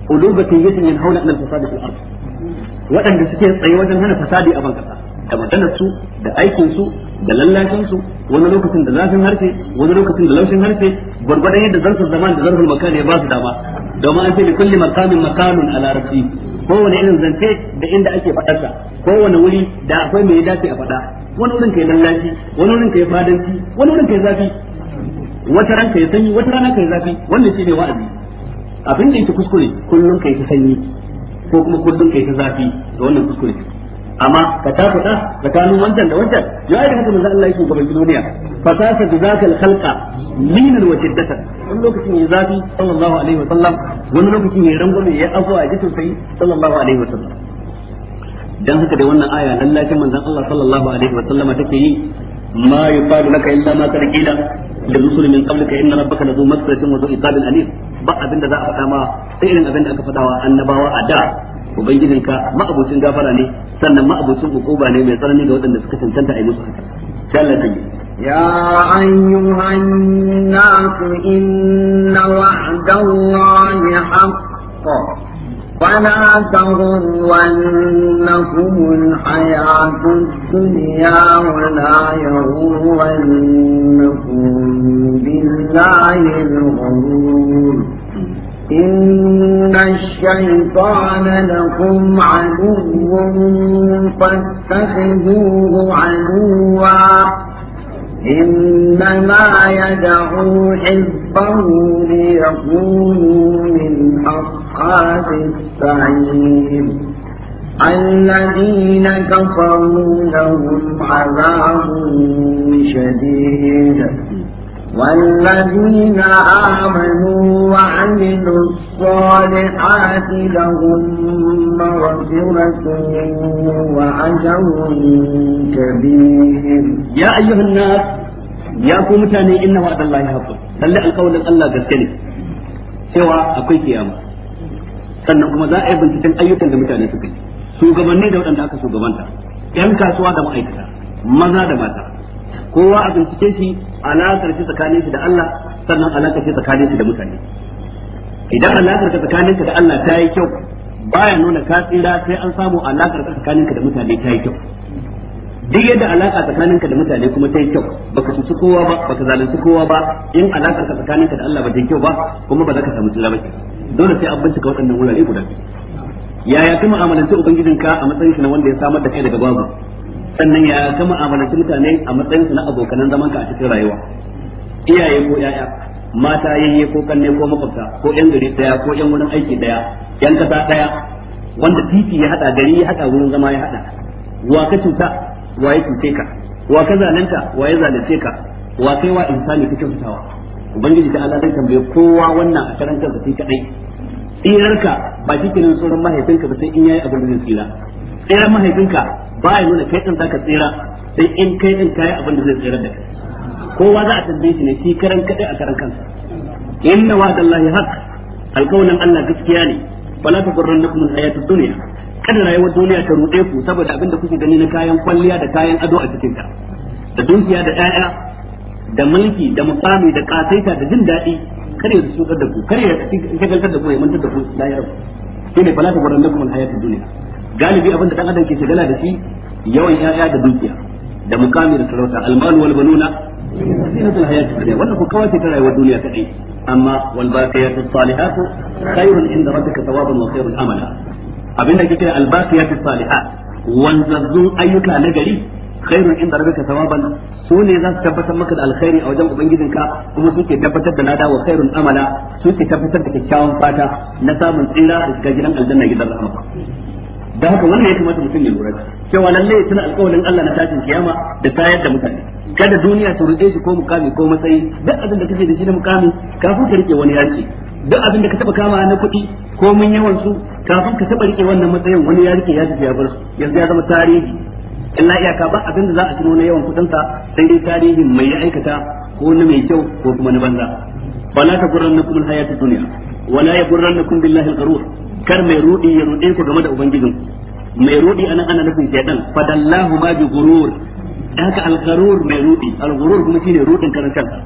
ulubatin yatin yanhauna an al fasadi fil ard waɗanda suke tsaye wajen hana fasadi a ban kasa da maganar su da aikin su da lallashin su wani lokacin da zafin harfe, wani lokacin da laushin harfe, gwargwadon yadda zarfin zaman da zarfin makan ya ba su dama domin an ce da kulli makamin makamin a larabci kowane irin zance da inda ake faɗarsa kowane wuri da akwai mai dace a faɗa wani wurin kai lallashi wani wurin kai fadanci wani wurin kai zafi wata ran kai sanyi wata rana kai zafi wannan ne wa'azi abin da yake kuskure kullum kai ta sanyi ko kuma kullum kai ta zafi da wannan kuskure amma ka takuta tsakanin wancan da wancan ya aika haka manzo Allah yake gaban duniya fasasa bizakal khalqa linan wa shiddatan wani lokacin ya zafi sallallahu alaihi wa sallam wani lokacin ya rangwame ya afwa ya tausayi sallallahu alaihi wa sallam dan haka dai wannan aya lallacin manzon Allah sallallahu alaihi wa sallama take yi ما يقال لك الا ما قد قيل للرسل من قبلك ان ربك لذو مغفرة وذو عقاب اليم ba abinda za a faɗa ma sai irin abin da aka faɗa wa annabawa a da ka ma'abucin gafara ne sannan ma'abucin hukuma ne mai tsanani ga waɗanda suka cancanta a yi musu haka sai Allah ta yi يا أيها الناس إن وعد الله حق فلا تغرنكم الحياة الدنيا ولا يغرنكم بالله الغرور إن الشيطان لكم عدو فاتخذوه عدوا إنما يدعو حزبه ليكونوا من أصحاب السعير الذين كفروا لهم عذاب شديد والذين آمنوا وعملوا الصالحات لهم مغفرة وأجر كبير يا أيها الناس يا تاني إن وعد الله حق لله القول الله قلتني سوى أقوي كياما sannan kuma za a yi binciken ayyukan da mutane suka yi shugabanni da waɗanda aka shugabanta 'yan kasuwa da ma'aikata maza da mata kowa a bincike shi alakar shi tsakanin shi da Allah sannan alakar shi tsakanin shi da mutane idan alakar ka tsakaninka da Allah ta yi kyau baya nuna ka tsira sai an samu alakar ka tsakaninka da mutane ta yi kyau duk yadda alaka tsakaninka da mutane kuma ta yi kyau baka su kowa ba baka zalunci kowa ba in alakar ka tsakaninka da Allah ba ta yi kyau ba kuma ba za ka samu tsira ba dole sai an bincika waɗannan wurare guda yaya kuma amalanci ubangijinka a matsayin shi na wanda ya samar da kai daga babu sannan ya kama mu'amalanci mutane a matsayinsu na abokanan zaman ka a cikin rayuwa iyaye ko yaya mata yayye ko kanne ko makwabta ko yan gari daya ko yan wurin aiki daya yan kasa daya wanda titi ya hada gari ya hada wurin zama ya hada wa ka cuta wa ya cuce ka wa ka zalunta wa ya zalunce ka wa kai wa insani kake fitawa ubangiji ta Allah zai tambaye kowa wannan a karantar da shi kadai tsirarka ba shi kenan sauran mahaifinka ba sai in yayi abin da zai tsira tseren mahaifinka ba ya nuna kai ɗin zaka tsira sai in kai ɗin kayi abin da zai tsira da kai kowa za a tambaye shi ne shi karan kaɗai a karan kansa inna wa'dallahi haqq alqawlan Allah gaskiya ne fala kuma alhayatud duniya kada rayuwar duniya ta ruɗe ku saboda abin da kuke gani na kayan kwalliya da kayan ado a cikinta da dukiya da ɗaya da mulki da musami da kasaita da jin daɗi kare su shukar da ku kare ya shagaltar da ku ya mantar da ku lahiyar ku shine fala ta gwaran da kuma hayatar duniya galibi abin da dan adam ke shagala da shi yawan yaya da dukiya da mukami da sarauta almalu wal banuna zinatul hayati dunya wannan ko kawai ce ta rayuwar duniya kadai amma wal baqiyatu salihatu khairun inda rabbika thawaban wa khairun amala abinda ke kira al baqiyatu salihat wanzazzun ayyuka na gari khairun inda rabbika thawaban su ne za su tabbatar maka da alkhairi a wajen ubangijinka kuma suke tabbatar da lada wa khairun amala suke tabbatar da kyakkyawan fata na samun tsira da shiga gidan aljanna gidan rahama da haka wannan ya kamata mutum ya lura cewa lallai tana alƙawarin Allah na tashin kiyama da tayar da mutane kada duniya ta ruɗe shi ko mukami ko matsayi duk abin da kake da shi na mukami kafin ka rike wani yaki duk abin da ka taba kama na kuɗi ko mun yawan su kafin ka taba rike wannan matsayin wani ya rike ya tafi ya bar su yanzu ya zama tarihi illa iyaka ba abin da za a tuno na yawan kuɗin sa sai dai tarihin mai ya aikata ko na mai kyau ko kuma na banza wala ta kullu alhayatu dunya wala kullu billahi al-ghurur kar mai rudi ya rude ku game da ubangijin mai rudi anan ana nufin shaytan fadallahu ma bi gurur daga al gurur mai rudi al-gurur kuma shine rudin karan kansa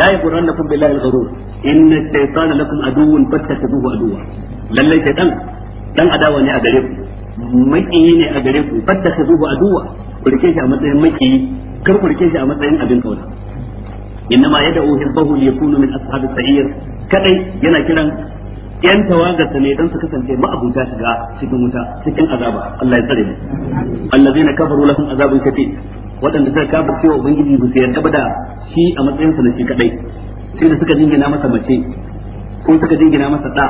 la yaqurannakum billahi al gurur inna ash-shaytana lakum aduwwun fattakhuduhu aduwwa lalle shaytan dan adawa ne a gare ku maki ne a gare ku fattakhuduhu aduwwa ku rike shi a matsayin maki kar ku rike shi a matsayin abin kauna inna ma yad'u hizbahu liyakunu min ashabis sa'ir kadai yana kiran yan tawagarsa ne dan su kasance ma'abuta shiga cikin wuta cikin azaba Allah ya tsare mu allazina kafaru lahum azabun kafi waɗanda suka kafa cewa ubangiji ba su yarda da shi a matsayin sa na shi kadai sai da suka dingina masa mace ko suka dingina masa da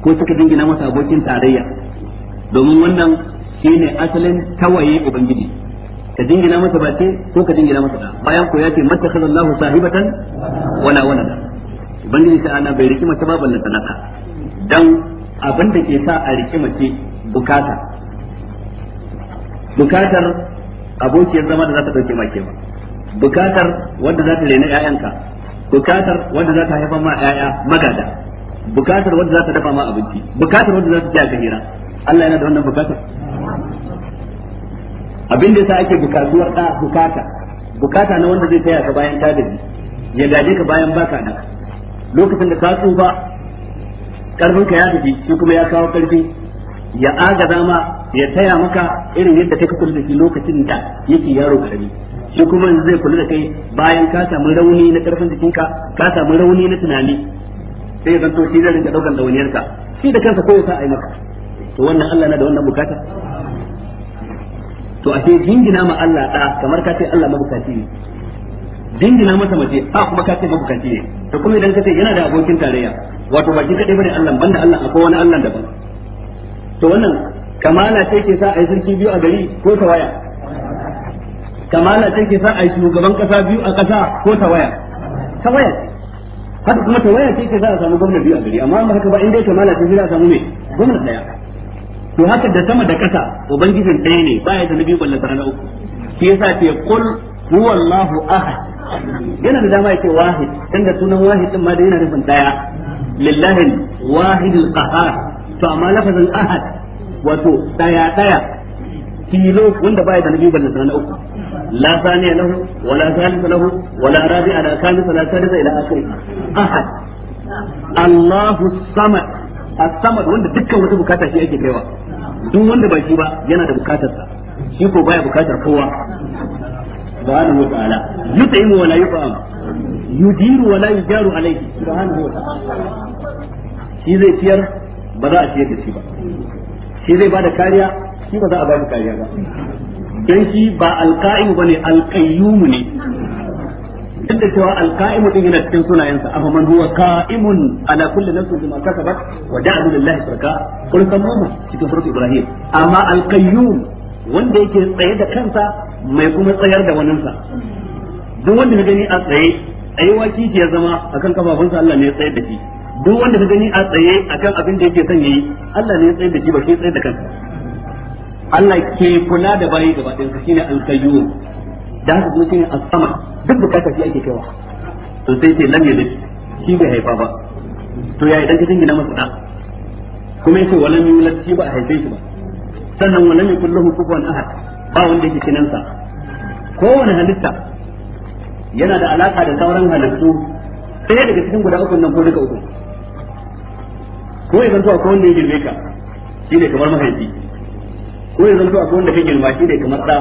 ko suka dingina masa abokin tarayya domin wannan shine asalin tawaye ubangiji ka dingina masa bace ko ka dingina masa da bayan ko ya ce mattakhadallahu sahibatan wala walada ubangiji ta ana bai riki mace babu na naka dan abin da ke sa a riki mace bukata bukatar abokiyar zama da za ta dauke maki ba bukatar wanda za ta rena ƴaƴanka bukatar wanda za ta haifa ma ƴaƴa magada bukatar wanda za ta dafa ma abinci bukatar wanda za ta ja hira Allah yana da wannan bukatar abin da sa ake bukatuwar da bukata bukata na wanda zai taya ka bayan ka gaji ya gaje ka bayan baka nan lokacin da ka tsufa karfin ka ya tafi shi kuma ya kawo karfi ya agaza ma ya taya maka irin yadda kai ka kula da shi lokacin da yake yaro karami shi kuma zai kula da kai bayan ka samu rauni na karfin jikinka ka samu rauni na tunani sai zan to shi zai rinka daukan dawaniyarka shi da kansa ko yasa ai maka to wannan Allah na da wannan bukata to a ce jingina ma Allah da kamar ka ce Allah mabukaci ne dingina masa mace a kuma ka ce mabukaci ne to kuma idan ka ce yana da abokin tarayya wato baki kadai bane Allah banda Allah akwai wani Allah daban to wannan kamala ce ke sa a yi sarki biyu a gari ko ta waya kamala ce ke sa a yi shugaban kasa biyu a kasa ko ta waya ta waya haka kuma ta waya ce ke sa a samu gwamna biyu a gari amma ba haka ba in kamala ce za a samu me gwamna daya to haka da sama da kasa ubangijin ɗaya ne ba ya da nabi wallahi na uku shi yasa ce kul huwallahu ahad yana da dama yake wahid tanda sunan wahid din ma da yana nufin daya lillahi wahid al-qahar to amma lafazin ahad wato daya daya kilo wanda baya da nabi ban sanan uku la saniya lahu wala thalitha lahu wala rabi'a ala khamis la sadisa ila akhirih ahad Allahu samad as-samad wanda dukkan wata bukata shi yake kaiwa duk wanda ba shi ba yana da bukatarsa shi ko baya bukatar kowa subhanahu wa ta'ala yut'imu wa la yut'am yudiru wa ba za a ciyar da shi ba shi zai bada kariya shi ba za a kariya ba dan shi ba alqa'im bane alqayyum ne duk da cewa alqa'imu din yana cikin sunayensa amma man huwa qa'imun ala kulli nafsin bima ibrahim amma alqayyum wanda yake tsaye da kansa mai kuma tsayar da waninsa duk wanda ka gani a tsaye a yi waki ya zama akan kafafunsa Allah ne ya tsayar da shi duk wanda ka gani a tsaye akan abin da yake son yi Allah ne ya tsayar da shi ba shi tsayar da kansa Allah ke kula da bayi gaba ɗayan sa shine al-qayyum da haka kuma shine as-sama duk bukata shi ake kaiwa to sai ce lam yalid shi bai haifa ba to ya idan ka gina masa da kuma yace walam yulad shi ba a haife shi ba sannan walam yakul kufuwan ahad ba wanda yake kinan sa kowane halitta yana da alaka da sauran halittu sai daga cikin guda uku nan ko duka uku ko ya zanto akwai wanda ya girme ka shi ne kamar mahaifi ko ya zanto akwai wanda ka girma shi ne kamar ɗa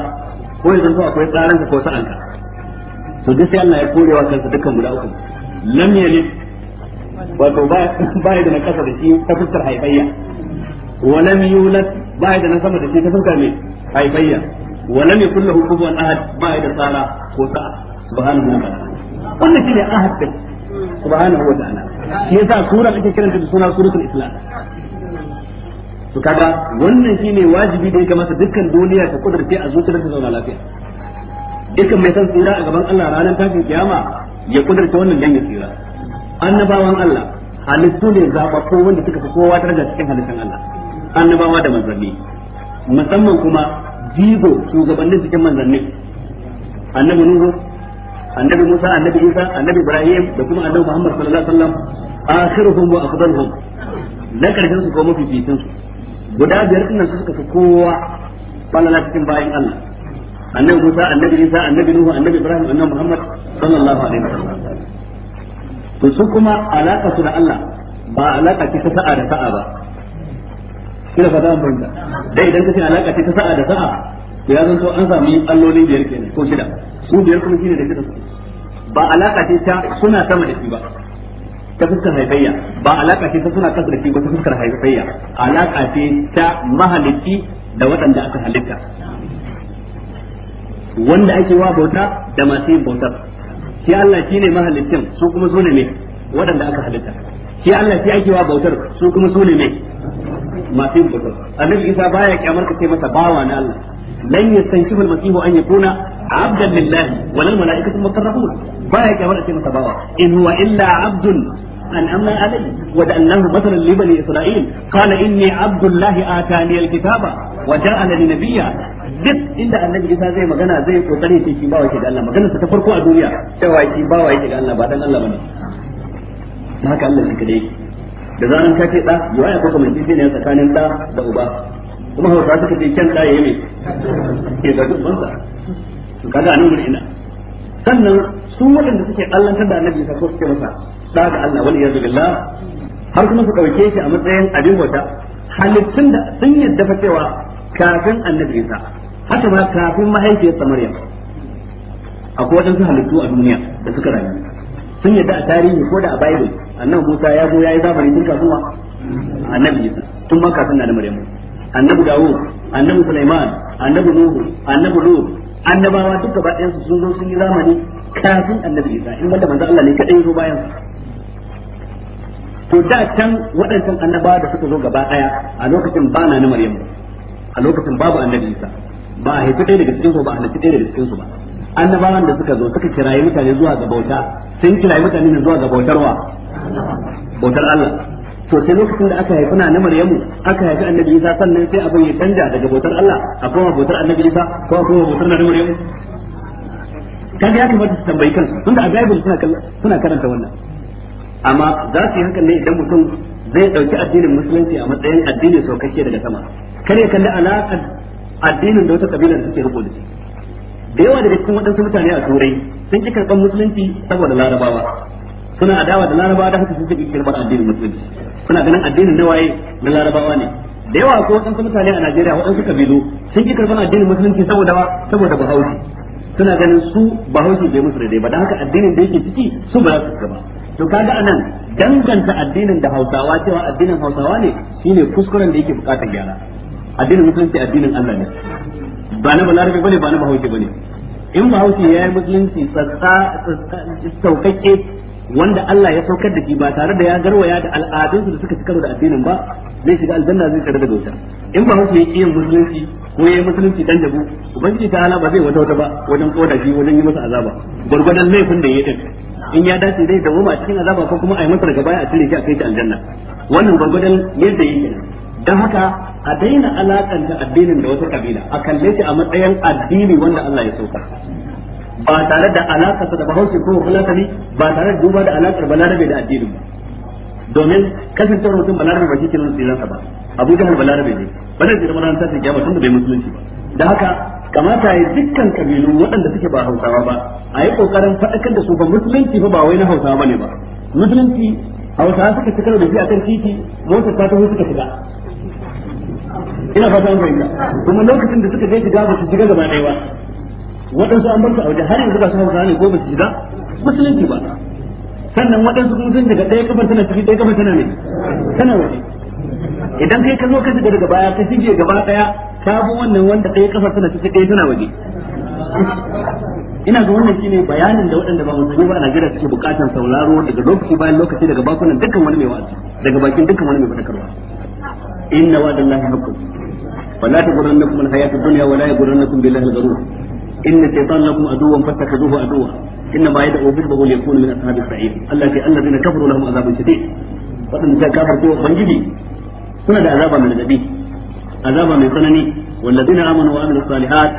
ko ya zanto akwai tsaranka ko ka to duk sai Allah ya wa kansa dukkan guda uku lam yalid wato ba ya da kasa da shi ta fuskar haifayya wa lam yulad ba ya da na sama da shi ta fuskar mai haifayya wa lam yakul lahu kufuwan ahad ba da tsara ko sa subhanahu wa ta'ala wannan shine ahad din subhanahu wa ta'ala shi yasa sura ake kiranta da suna suratul islam to kaga wannan shine wajibi da ya kamata dukkan duniya ta kudurce a zuciyarta zauna lafiya dukkan mai san tsira a gaban Allah ranar tashin kiyama ya kudurce wannan dan ya tsira annabawan Allah halittu ne ko wanda suka fi kowa daraja cikin halittun Allah annabawa da manzanni musamman kuma jigo shugabannin cikin manzanni annabi nuhu annabi musa annabi isa annabi ibrahim da kuma annabi muhammad sallallahu alaihi wasallam akhiruhum wa afdaluhum na karshen su ko mafi fitin su guda biyar din su suka fi kowa balala cikin bayan Allah annabi musa annabi isa annabi nuhu annabi ibrahim annabi muhammad sallallahu alaihi wasallam to su kuma alaka su da Allah ba alaka ta sa'a da sa'a ba kina fata an fahimta dai idan kace alaka ce ta sa'a da sa'a to ya zanto an samu alloli biyar kenan ko shida su biyar kuma shine da kika ba alaka ce ta suna sama da shi ba ta fuskar haifayya ba alaka ce ta suna kasa da shi ba ta fuskar haifayya alaka ce ta mahalicci da waɗanda aka halitta wanda ake wa bauta da masu yin bautar shi Allah shine mahalicin su kuma su ne waɗanda aka halitta shi Allah shi ake wa bautar su kuma su ne masu yin bautar annabi isa baya kyamar ka sai masa bawa na Allah lan yastankihu almasihu an yakuna abdan lillahi wal malaikatu muqarrabun baya kyamar ka sai masa bawa in huwa illa abdun أنعمنا عليه وجعلناه مثلا لبني إسرائيل قال إني عبد الله آتاني الكتاب وجعلني نبيا duk inda annabi Isa zai magana zai kokare shi shi bawa shi da Allah magana ta farko a duniya cewa shi bawa shi da Allah ba dan Allah bane haka Allah shi kadai da zaran ka ce da yawa ko mai shi ne tsakanin da da uba kuma hausa suka ce kyan da yayi me ke da duk banza to kaga anan mun ina sannan su waɗanda suke allantar da annabi sa ko suke masa da ga Allah wani iyad billah har kuma su dauke shi a matsayin abin wata halittun da sun yadda fa cewa kafin annabi sa haka ma kafin mahaifiyarsa Maryam akwai su halittu a duniya da suka rayu sun yadda a tarihi ko da a bible annabi Musa ya zo yayi zamani tun kafin wa annabi Isa tun ma kafin na Maryamu annabi Dawud annabi Sulaiman annabi Nuhu annabi Lut annabawa duka ba su sun zo sun yi zamani kafin annabi Isa in wanda manzo Allah ne kadai zo bayan to da can waɗancan annabawa da suka zo gaba ɗaya a lokacin ba na Maryamu a lokacin babu annabi Isa ba a haifi ɗaya daga cikin su ba a haifi ɗaya daga cikin su ba annabawan da suka zo suka kirayi mutane zuwa ga bauta sun kirayi mutane ne zuwa ga bautarwa bautar Allah to sai lokacin da aka haifi na Maryamu aka haifi Annabi Isa sannan sai abin ya canja daga bautar Allah a koma bautar Annabi Isa ko koma bautar na Maryamu kaga ya kamata su tambayi kan tunda a Bible suna suna karanta wannan amma za su yi hakan ne idan mutum zai dauki addinin musulunci a matsayin addini saukakke daga sama kare kalli alaƙar addinin da wata kabila da suke rubuta da yawa daga cikin waɗansu mutane a turai sun ci karɓar musulunci saboda larabawa suna adawa da larabawa da haka sun ci karɓar addinin musulunci suna ganin addinin na waye na larabawa ne da yawa ko waɗansu mutane a Najeriya waɗansu kabilu sun ci karɓar addinin musulunci saboda wa saboda Bahaushe suna ganin su Bahaushe bai musu daidai ba da haka addinin da yake ciki su ba za su ba to kaga anan danganta addinin da Hausawa cewa addinin Hausawa ne shine kuskuren da yake bukatar gyara addinin musulunci addinin Allah ne ba na balarabe bane ba na bahaushe bane in bahaushe ya yi musulunci tsatsa wanda Allah ya saukar da shi ba tare da ya garwaya da al'adunsu da suka ci karo da addinin ba zai shiga aljanna zai tsare da wuta in ba hukumi yake yin musulunci ko yayin musulunci dan dabu ubangiji ta ala ba zai wata wata ba wajen koda shi wajen yi masa azaba gurgurdan laifin da yayi din in ya dace dai da goma a cikin azaba ko kuma a yi masa daga baya a cire shi a kai shi aljanna wannan gurgurdan yadda yake dan haka a daina alakanta addinin da wata kabila a kalle shi a matsayin addini wanda Allah ya sauka. ba tare da ta da bahaushe ko fulatani ba tare da duba da alakar balarabe da addinin ba domin kasancewar mutum balarabe ba shi ke nuna tsiransa ba abu jahal balarabe ne ba zai tsira ranar tashin gyama tun da bai musulunci ba da haka kamata ya dukkan kabilu waɗanda suke ba hausawa ba a yi ƙoƙarin faɗakar da su ba musulunci ba wai na hausawa ne ba musulunci hausawa suka cikin da shi kan titi motar ta taho suka shiga ina fata an fahimta kuma lokacin da suka je shiga ba su shiga gaba ɗaya ba waɗansu an bar su a waje har yanzu ba su hausa ne ko ba su shiga musulunci ba sannan waɗansu kuma sun daga ɗaya kafar tana ciki ɗaya kafar tana ne tana waje idan kai ka zo ka shiga daga baya ka shige gaba ɗaya ka bi wannan wanda ɗaya kafar tana ciki ɗaya tana waje ina ga wannan shine bayanin da waɗanda ba musulmi ba a Najeriya suke bukatar sauraro daga lokaci bayan lokaci daga bakunan dukkan wani mai wa'azi daga bakin dukkan wani mai fadakarwa inna wa'dallahi haqqun فلا تغرنكم الحياة الدنيا ولا يغرنكم بالله الغرور إن الشيطان لكم عدوا فاتخذوه عدوا إنما يدعو حزبه ليكون من أصحاب السعير التي الذين كفروا لهم عذاب شديد وإن كفر فيه بنجدي سنة عذاب من النبي عذاب من سنني والذين آمنوا وعملوا الصالحات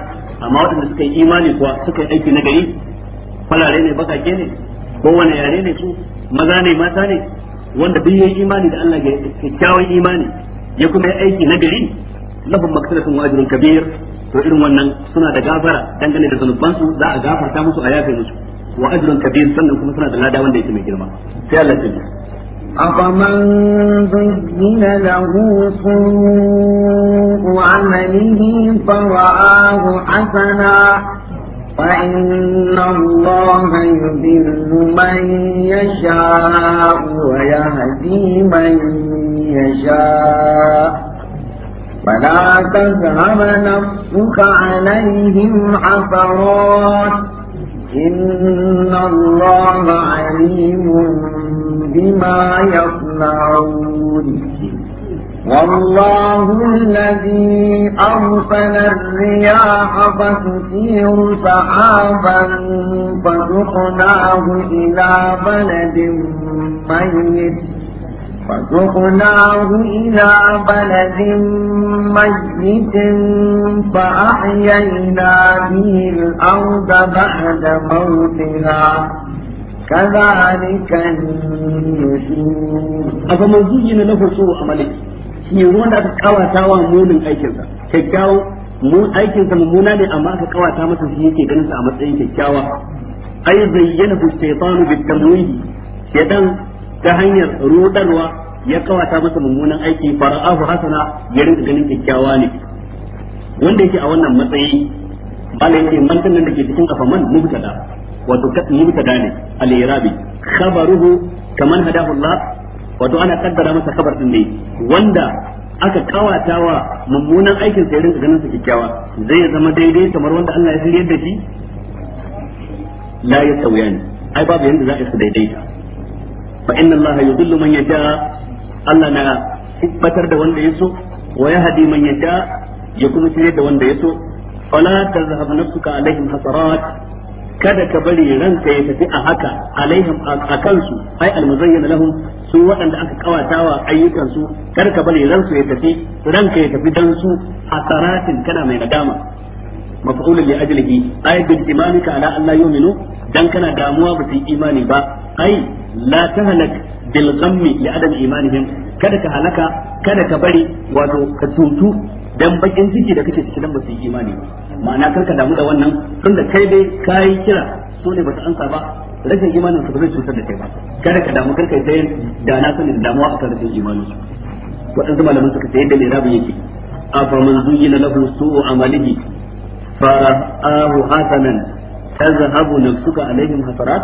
أما وإن سكي إيماني كوا سكي أيتي نجري فلا ريني بقى كيني هو يا ne su maza ne mata ne wanda duk yayi imani da Allah ya kyakkyawan imani ya kuma yi aiki na gari lahum maghfiratun wa ajrun kabir to irin wannan suna da gafara dangane da zanuban su za a gafarta musu a yafe musu wa ajrun kabir sannan kuma suna da lada wanda yake mai girma sai Allah ya أفمن زين له سوء عمله فرآه حسنا فإن الله يذل من يشاء ويهدي من يشاء فلا تذهب نفسك عليهم حسرات إن الله عليم بما يصنعون والله الذي أرسل الرياح فتثير سحابا فسقناه إلى بلد ميت فسقناه إلى بلد ميت فأحيينا به الأرض بعد موتها كذلك النشور أبا موجود له سوء عملي shi ruwan da aka kawata wa munin aikinsa kyakkyawan mun aikinsa mummuna ne amma aka kawata masa shi yake ganin sa a matsayin kyakkyawa ai zayyana shaytanu bi tamwidi shaytan ta hanyar rudarwa ya kawata masa mummunan aiki fara'ahu hasana ya rinka ganin kyakkyawa ne wanda yake a wannan matsayi bala yake mantan nan da ke cikin kafa man mubtada wato mubtada ne al-irabi khabaruhu kaman hadahu Allah wato ana kaddara masa khabar din ne wanda aka kawata wa mummunan aikin sai rinka ganin sa kyakkyawa zai zama daidai kamar wanda Allah ya shirye da shi la ya tawayani ai babu yanda za a su daidaita fa inna Allah yudillu man yasha Allah na batar da wanda yaso wa yahdi man yasha ya kuma tare da wanda yaso fala tazhab nafsuka alaihim hasarat kada ka bari ranka ya tafi a haka alaihim a kansu ai almuzayyana lahum su waɗanda aka kawatawa ayyukansu kada ka bari ransu ya tafi ranka ya tafi dan su hasaratin kana mai nadama maf'ulun li ajlihi ay bi imanika ala an la yu'minu dan kana damuwa ba su imani ba ai la tahlak bil ghammi li adam imanihim kada ka kada ka bari wato ka tutu dan bakin ciki da kake ciki dan ba su imani ma'ana kar ka damu da wannan da kai dai kai kira so ne ba ta ansa ba rashin imanin su ba zai cutar da kai ba kada ka damu kar kai dai da na sani da damuwa akan rashin imanin su malaman suka sai da lirabi yake afa man zuyina lahu su'u amalihi fara'ahu hasanan tazhabu nafsuka alaihim hasarat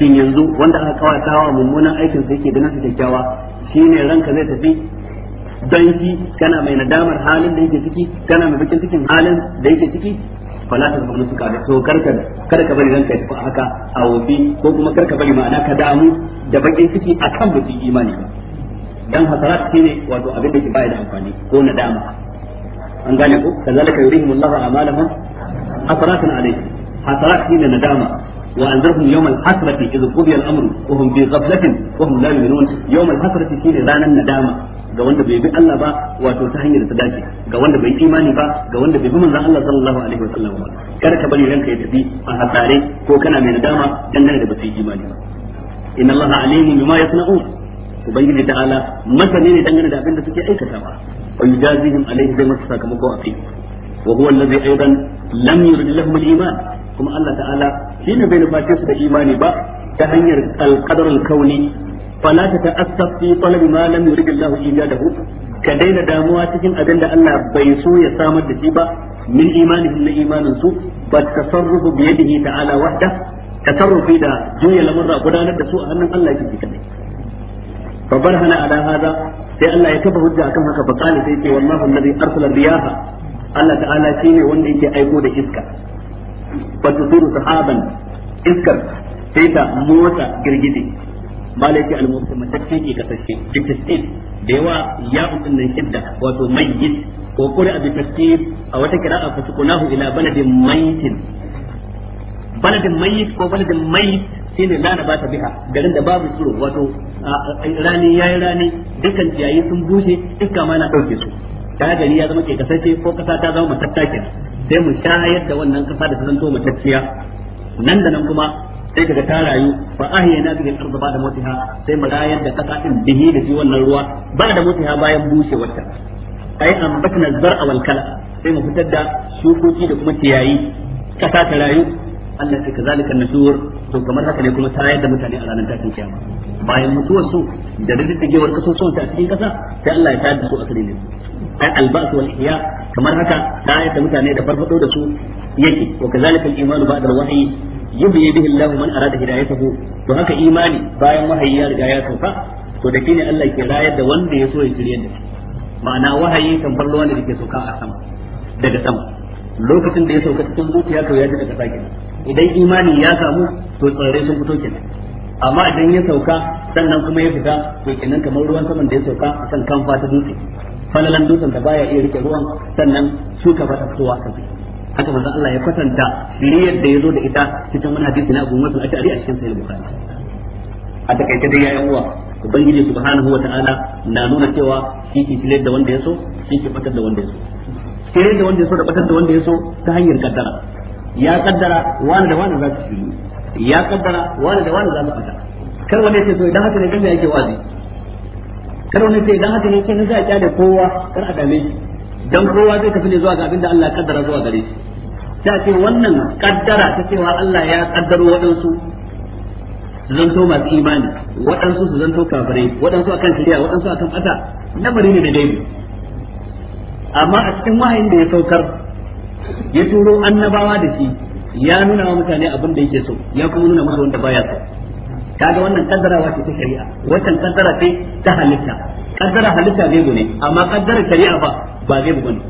shin yanzu wanda aka kawatawa mummunan aikin sa yake da nasu kyakkyawa shine ranka zai tafi dan shi kana mai nadamar halin da yake ciki kana mai bakin cikin halin da yake ciki fala ta zama suka da to karka kada ka bari ranka ya tafi haka a wofi ko kuma karka bari ma'ana ka damu da bakin ciki akan bakin imani dan hasarat shine wato abin da ke baya da amfani ko nadama an gane ko kazalika yurihimullahu a'malahum hasratan alayhi hasrat shine nadama وأنذرهم يوم nadama ga wanda bai bi Allah ba wato ta hanyar ta dace ga wanda bai imani ba ga wanda bai bi manzon Allah sallallahu alaihi wasallam ba kada ka bari ranka ya tafi a hasare ko kana mai nadama da basu imani ba Allah bima ubangiji ta'ala masani ne dangane da abin da suke aikatawa wa yujazihim alayhi zai masa sakamako a kai wa huwa allazi aidan lam yurid lahum al kuma Allah ta'ala shi ne bai nuface su da imani ba ta hanyar al-qadar al-kauni fala ta ta'assaf fi malamin ma lam yurid Allah ka daina damuwa cikin abinda Allah bai so ya samar da shi ba min imanihim na imanin su ba tasarrufu bi yadihi ta'ala wahda tasarrufi da juya lamurra gudanar da su a hannun Allah yake kadai fa barhana ala hada sai Allah ya kafa hujja akan haka fa qala sai ce wallahu alladhi arsala riyaha Allah ta'ala shine wanda yake aiko da iska fa tusiru sahaban iskar sai ta motsa girgije malaki al-mutsa matacce ke kasashe bitastin da yawa ya ubin nan shidda wato mayyit ko kuri abi tasir a wata kira'a fa sukunahu ila baladin mayyitin baladin mayyit ko baladin mayyit shine ba ta biha garin da babu tsoro wato rani yi rani dukkan ciyayi sun bushe iska ma na dauke su ta gari ya zama ke kasance ko kasa ta zama matattakin sai mu shayar da wannan kasa da ta zanto matacciya nan da nan kuma sai kaga ta rayu fa na bihi al-ardh ba'da mautiha sai mu rayar da kasa din bihi da shi wannan ruwa ba'da mautiha bayan bushe wata ai ambatna zar'a wal kala sai mu fitar da shukoki da kuma ciyayi kasa ta rayu Allah ce kazalika nusur to kamar haka ne kuma tayar da mutane a ranar tashin kiyama bayan mutuwar su da riddigewar kasusuwan ta cikin kasa sai Allah ya tayar da su a cikin ai albasu wal ihya kamar haka tayar da mutane da farfado da su yake wa kazalika al-imanu ba'da al-wahyi yubyi bihi Allah man arada hidayatahu to haka imani bayan wahayi ya riga ya sauka to da kine Allah ke rayar da wanda ya so ya shirye da ma'ana wahayi kan farlo wanda yake sauka a sama daga sama lokacin da ya sauka cikin zuciya to ya ji daga sakin idan imani ya samu to tsare sun fito kenan amma idan ya sauka sannan kuma ya fita to kenan kamar ruwan saman da ya sauka a kan kamfa ta dutse falalan dutsen da baya iya rike ruwan sannan shuka ba kowa fitowa kan haka manzo Allah ya kwatanta niyyar da yazo da ita cikin wani hadisi na Abu Musa al-Ash'ari a cikin Sahih Bukhari a takaice dai yayin uwa ubangiji subhanahu wa ta'ala na nuna cewa shi ke tilar da wanda ya so shi ke fatar da wanda ya so tilar da wanda ya so da fatar da wanda ya so ta hanyar kaddara ya kaddara wani da wani za su shiru ya kaddara wani da wani za su fita kar wani ya ce to idan haka ne kan yake wazi kar wani ya ce idan haka ne kan za a kyale kowa kar a dame shi dan kowa zai tafi ne zuwa ga abinda Allah ya kaddara zuwa gare shi ta ce wannan kaddara ta cewa Allah ya kaddaro waɗansu su zanto masu imani waɗansu su zanto kafirai waɗansu akan shari'a waɗansu akan fata na bari ne da daidai amma a cikin wahayin da ya saukar ya turo annabawa da shi ya nuna wa mutane abin da yake so ya kuma nuna musu wanda baya so kaga wannan kaddarawa ce ta shari'a wannan kaddara ce ta halitta kaddara halitta zai gune amma kaddara shari'a ba ba zai bane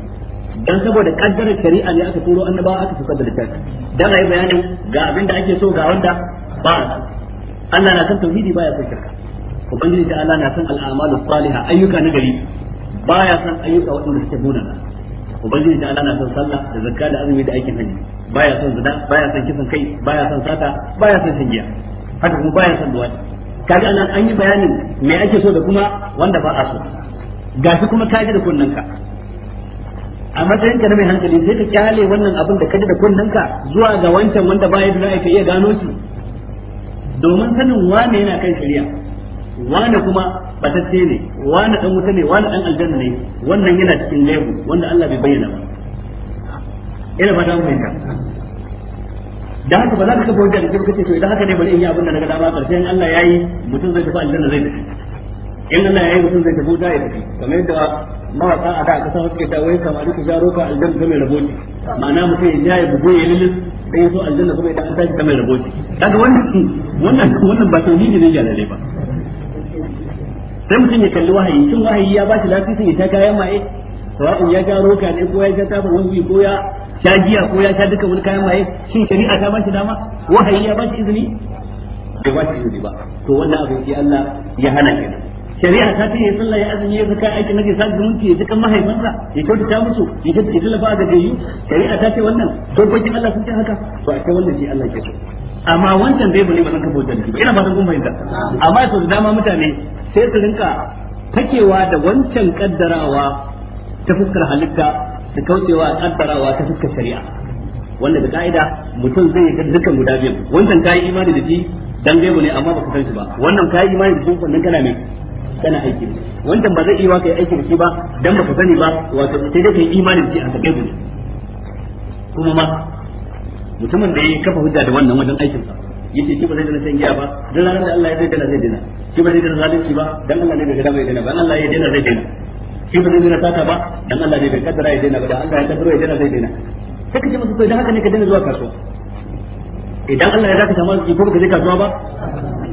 dan saboda kaddara shari'a ne aka turo annabawa aka saukar da littafi dan ayi bayanin ga abin da ake so ga wanda ba Allah na san tauhidi baya son shirka ubangiji ta Allah na san al'amalu salihah ayyuka na gari baya san ayyuka waɗanda suke na ubangiji ta Allah na son sallah da zakka da azumi da aikin hajji baya son zina baya son kisan kai baya son sata baya son shingiya haka kuma baya son duwa kaga anan an yi bayanin me ake so da kuma wanda ba a so gashi kuma kaji da kunnanka a matsayin ka na mai hankali sai ka kyale wannan abin da kaji da kunnanka zuwa ga wancan wanda baya da za ka iya gano shi domin sanin wane yana kan shari'a wani kuma batacce ne wani dan wuta ne wani dan aljanna ne wannan yana cikin lebu wanda Allah bai bayyana ba ina fata mun ka. da haka ba za ka kafa wajen da kace to idan haka ne bari in yi abin da na ga karshe in Allah yayi mutum zai tafi aljanna zai tafi in Allah yayi mutum zai tafi wuta ya tafi kamar yadda mawaka a da kasa suke ta wai kamar ka jaro ka aljanna ta mai raboti ma'ana mutum ya yi bugu ya lilin da ya so aljanna kuma idan an tashi ta mai raboti kaga wannan wannan wannan ba tauhidi ne ya lalle ba sai mutum ya kalli wahayi tun wahayi ya ba shi lafisin ya ta kayan maye sawa'in ya ga roka ne ko ya ga tafa wani ko ya sha giya ko ya sha duka wani kayan maye shin shari'a ta ba shi dama wahayi ya ba shi izini bai ba shi izini ba to wannan abin sai Allah ya hana kenan shari'a ta ce ya sallah ya azumi ya zaka aikin nake sa zumunci ya dukan mahaifansa ya kyautata musu ya kyautata lafa ga gayyu shari'a ta ce wannan dokokin Allah sun ce haka to a ce wannan shi Allah ke so amma wancan zai bane ba zan kafa hujja ba ina fatan kun fahimta amma to da dama mutane sai su rinka fakewa da wancan kaddarawa ta fuskar halitta da kaucewa kaddarawa ta fuskar shari'a wanda da ka'ida mutum zai yi dukkan guda biyu wancan kayi imani da shi dan gaibu ne amma baka san shi ba wannan kayi imani da shi wannan kana mai kana aiki wancan ba zai iya kai aiki da shi ba dan baka sani ba wato sai dai kai imani da shi a gaibu ne kuma ma mutumin da ya kafa hujja da wannan wajen aikin sa yace shi ba zai dana san giya ba dan ranar da Allah ya zai dana zai dana shi ba zai dana zalunci ba dan Allah ne bai gada bai dana ba Allah ya dana zai dana shi ba zai dana sata ba dan Allah ne bai kaddara ya dana ba dan Allah ya kaddara ya dana zai dana kake ji musu sai dan haka ne ka dana zuwa kasuwa idan Allah ya zaka samu arziki ko baka je kasuwa ba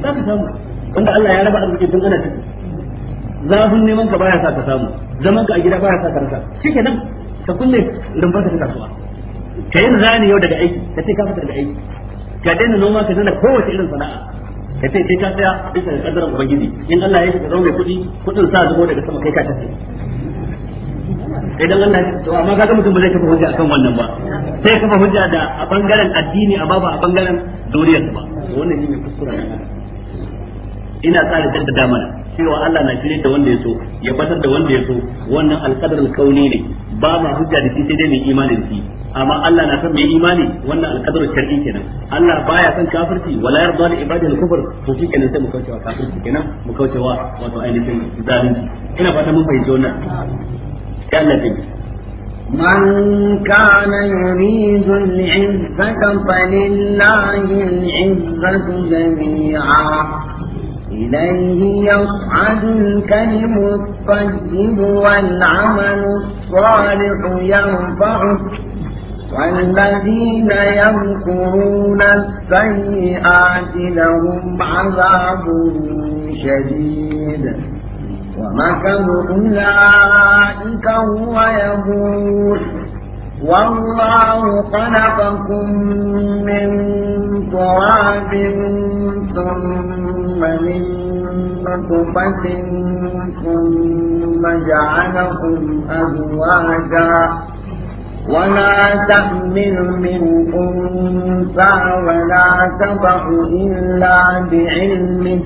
za ka samu wanda Allah ya raba arziki tun ana ciki zafin neman ka baya sa ka samu zaman ka a gida baya sa ka rasa shikenan ka kulle rumbar ka ta kasuwa ka yi zani yau daga aiki ka ce ka daga aiki ka daina noma ka zana kowace irin sana'a ka ce kai ka tsaya bisa ga kaddarar ubangiji in Allah ya yi ka zama mai kuɗi kuɗin sa zubo daga sama kai ka tafi idan Allah to amma kaga mutum ba zai kafa hujja akan wannan ba sai kafa hujja da a bangaren addini amma ba a bangaren duniyar ba wannan ne mai kuskure ina tsara da dama cewa Allah na shirye da wanda ya so ya batar da wanda ya so wannan alqadar kauni ne ba ma hujja da shi sai dai mai imanin da shi amma Allah na san mai imani wannan alkadaru shar'i kenan Allah baya san kafirci wala yarda li ibadihi al-kufr to shi kenan sai mu kaucewa kafirci kenan mu kaucewa wato ainihin zalunci ina fata mun fahimci wannan ya Allah tabbata من كان يريد العزة فلله العزة جميعا إليه يصعد الكلم الطيب والعمل الصالح يرفعه والذين يمكرون السيئات لهم عذاب شديد ومكر أولئك هو يبور والله خلقكم من تراب ثم من نطفة ثم جعلكم أزواجا وما تحمل من أنثى ولا تضع إلا بعلمه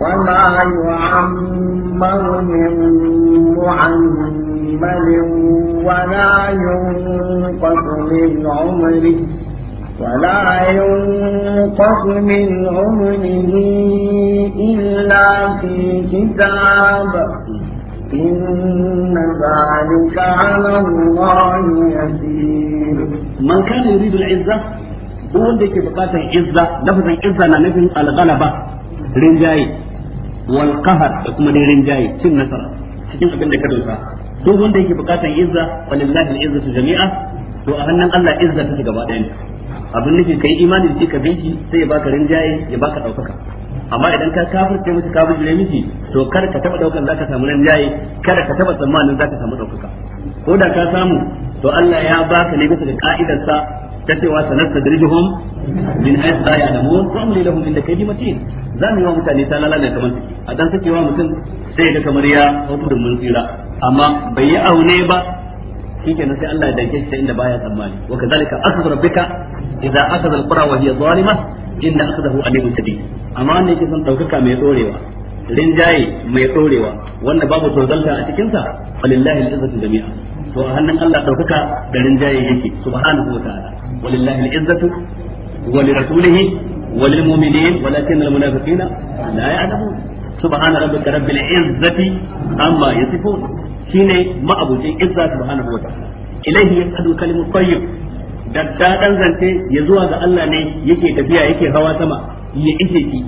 وما يعمر من معمر ولا ينقص من عمره ولا ينقص من عمره إلا في كتاب إن ذلك على الله يسير من كان يريد العزة هو wanda yake bukatar izza lafazin izza na nufin alghalaba rinjaye wal qahar da kuma dai rinjaye cin nasara cikin abin da ka dosa duk wanda yake bukatar izza walillahi al su jami'a to a hannun Allah izza take gaba ɗaya abin da ke kai imani da ka binki sai ya baka rinjaye ya baka ɗaukaka amma idan ka kafirce musu ka bijire miki to kar ka taba daukan zaka samu nan jaye kada ka taba tsammanin zaka samu daukaka ko da ka samu to Allah ya baka ne bisa ga ka'idar sa ta cewa sanastadrijuhum min haythu la ya'lamun wa amli lahum min kaydi matin zamu yi wa mutane ta lalata kamar take a dan sakewa mutum sai ga kamar ya hudu mun tsira amma bai yi aune ba shikenan sai Allah ya danke shi inda baya tsammani wa kadhalika akhadha rabbika idza akhadha al-qura wa hiya zalimah inna akhdahu alimun shadid amma wanda yake son daukaka mai dorewa rinjaye mai dorewa wanda babu tozalta a cikin sa walillahi al-izzatu jami'a to a hannun Allah ɗaukaka da rinjaye yake subhanahu wa ta'ala walillahi al-izzatu wa li rasulihi wa lil mu'minin walakin al-munafiqina la ya'lamun subhana rabbika rabbil izzati amma yasifun shine ma'abucin izza subhanahu wa ta'ala ilayhi yas'adu kalimu tayyib daddadan zance ya zuwa ga Allah ne yake tafiya yake hawa sama ya ishe ki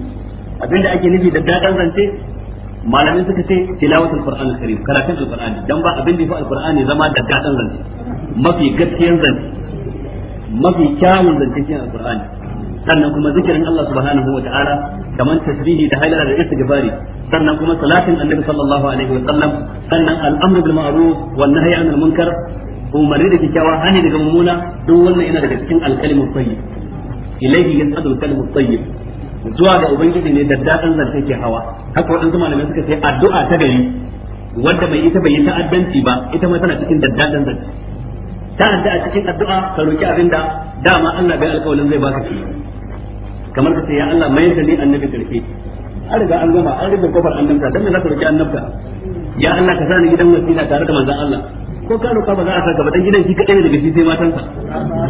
abinda ake nufi daddadan zance malamin suka ce tilawatul qur'anul karim karatun alqur'ani dan ba abin da yafi alqur'ani zama daddadan zance mafi gaskiyan zance mafi kyawun zance cikin alqur'ani sannan kuma zikirin Allah subhanahu wa ta'ala Da kaman tasbihi da halala da istighfari sannan kuma salatin annabi sallallahu alaihi wa sallam sannan al'amru bil ma'ruf wan nahyi anil munkar umarni da kyakkyawa hani daga mummuna duk wannan yana daga cikin alkalimu tayyib ilaihi yasadu alkalimu tayyib zuwa ga ubangiji ne da dadan zance ke hawa haka wadansu malamai suka ce addu'a ta gari wanda bai ita bai yi ta'addanci ba ita ma tana cikin daddadan zance ta addu'a cikin addu'a ka roki abinda dama Allah bai alƙawarin zai baka shi kamar ka ce ya Allah mai da ne annabi karfe an riga an gama an rubuta kofar annabta dan me za ka roki annabta ya Allah ka sani gidan wasila tare da manzon Allah ko ka roƙa ba za a saka ba dan gidan shi kadai ne daga shi sai matansa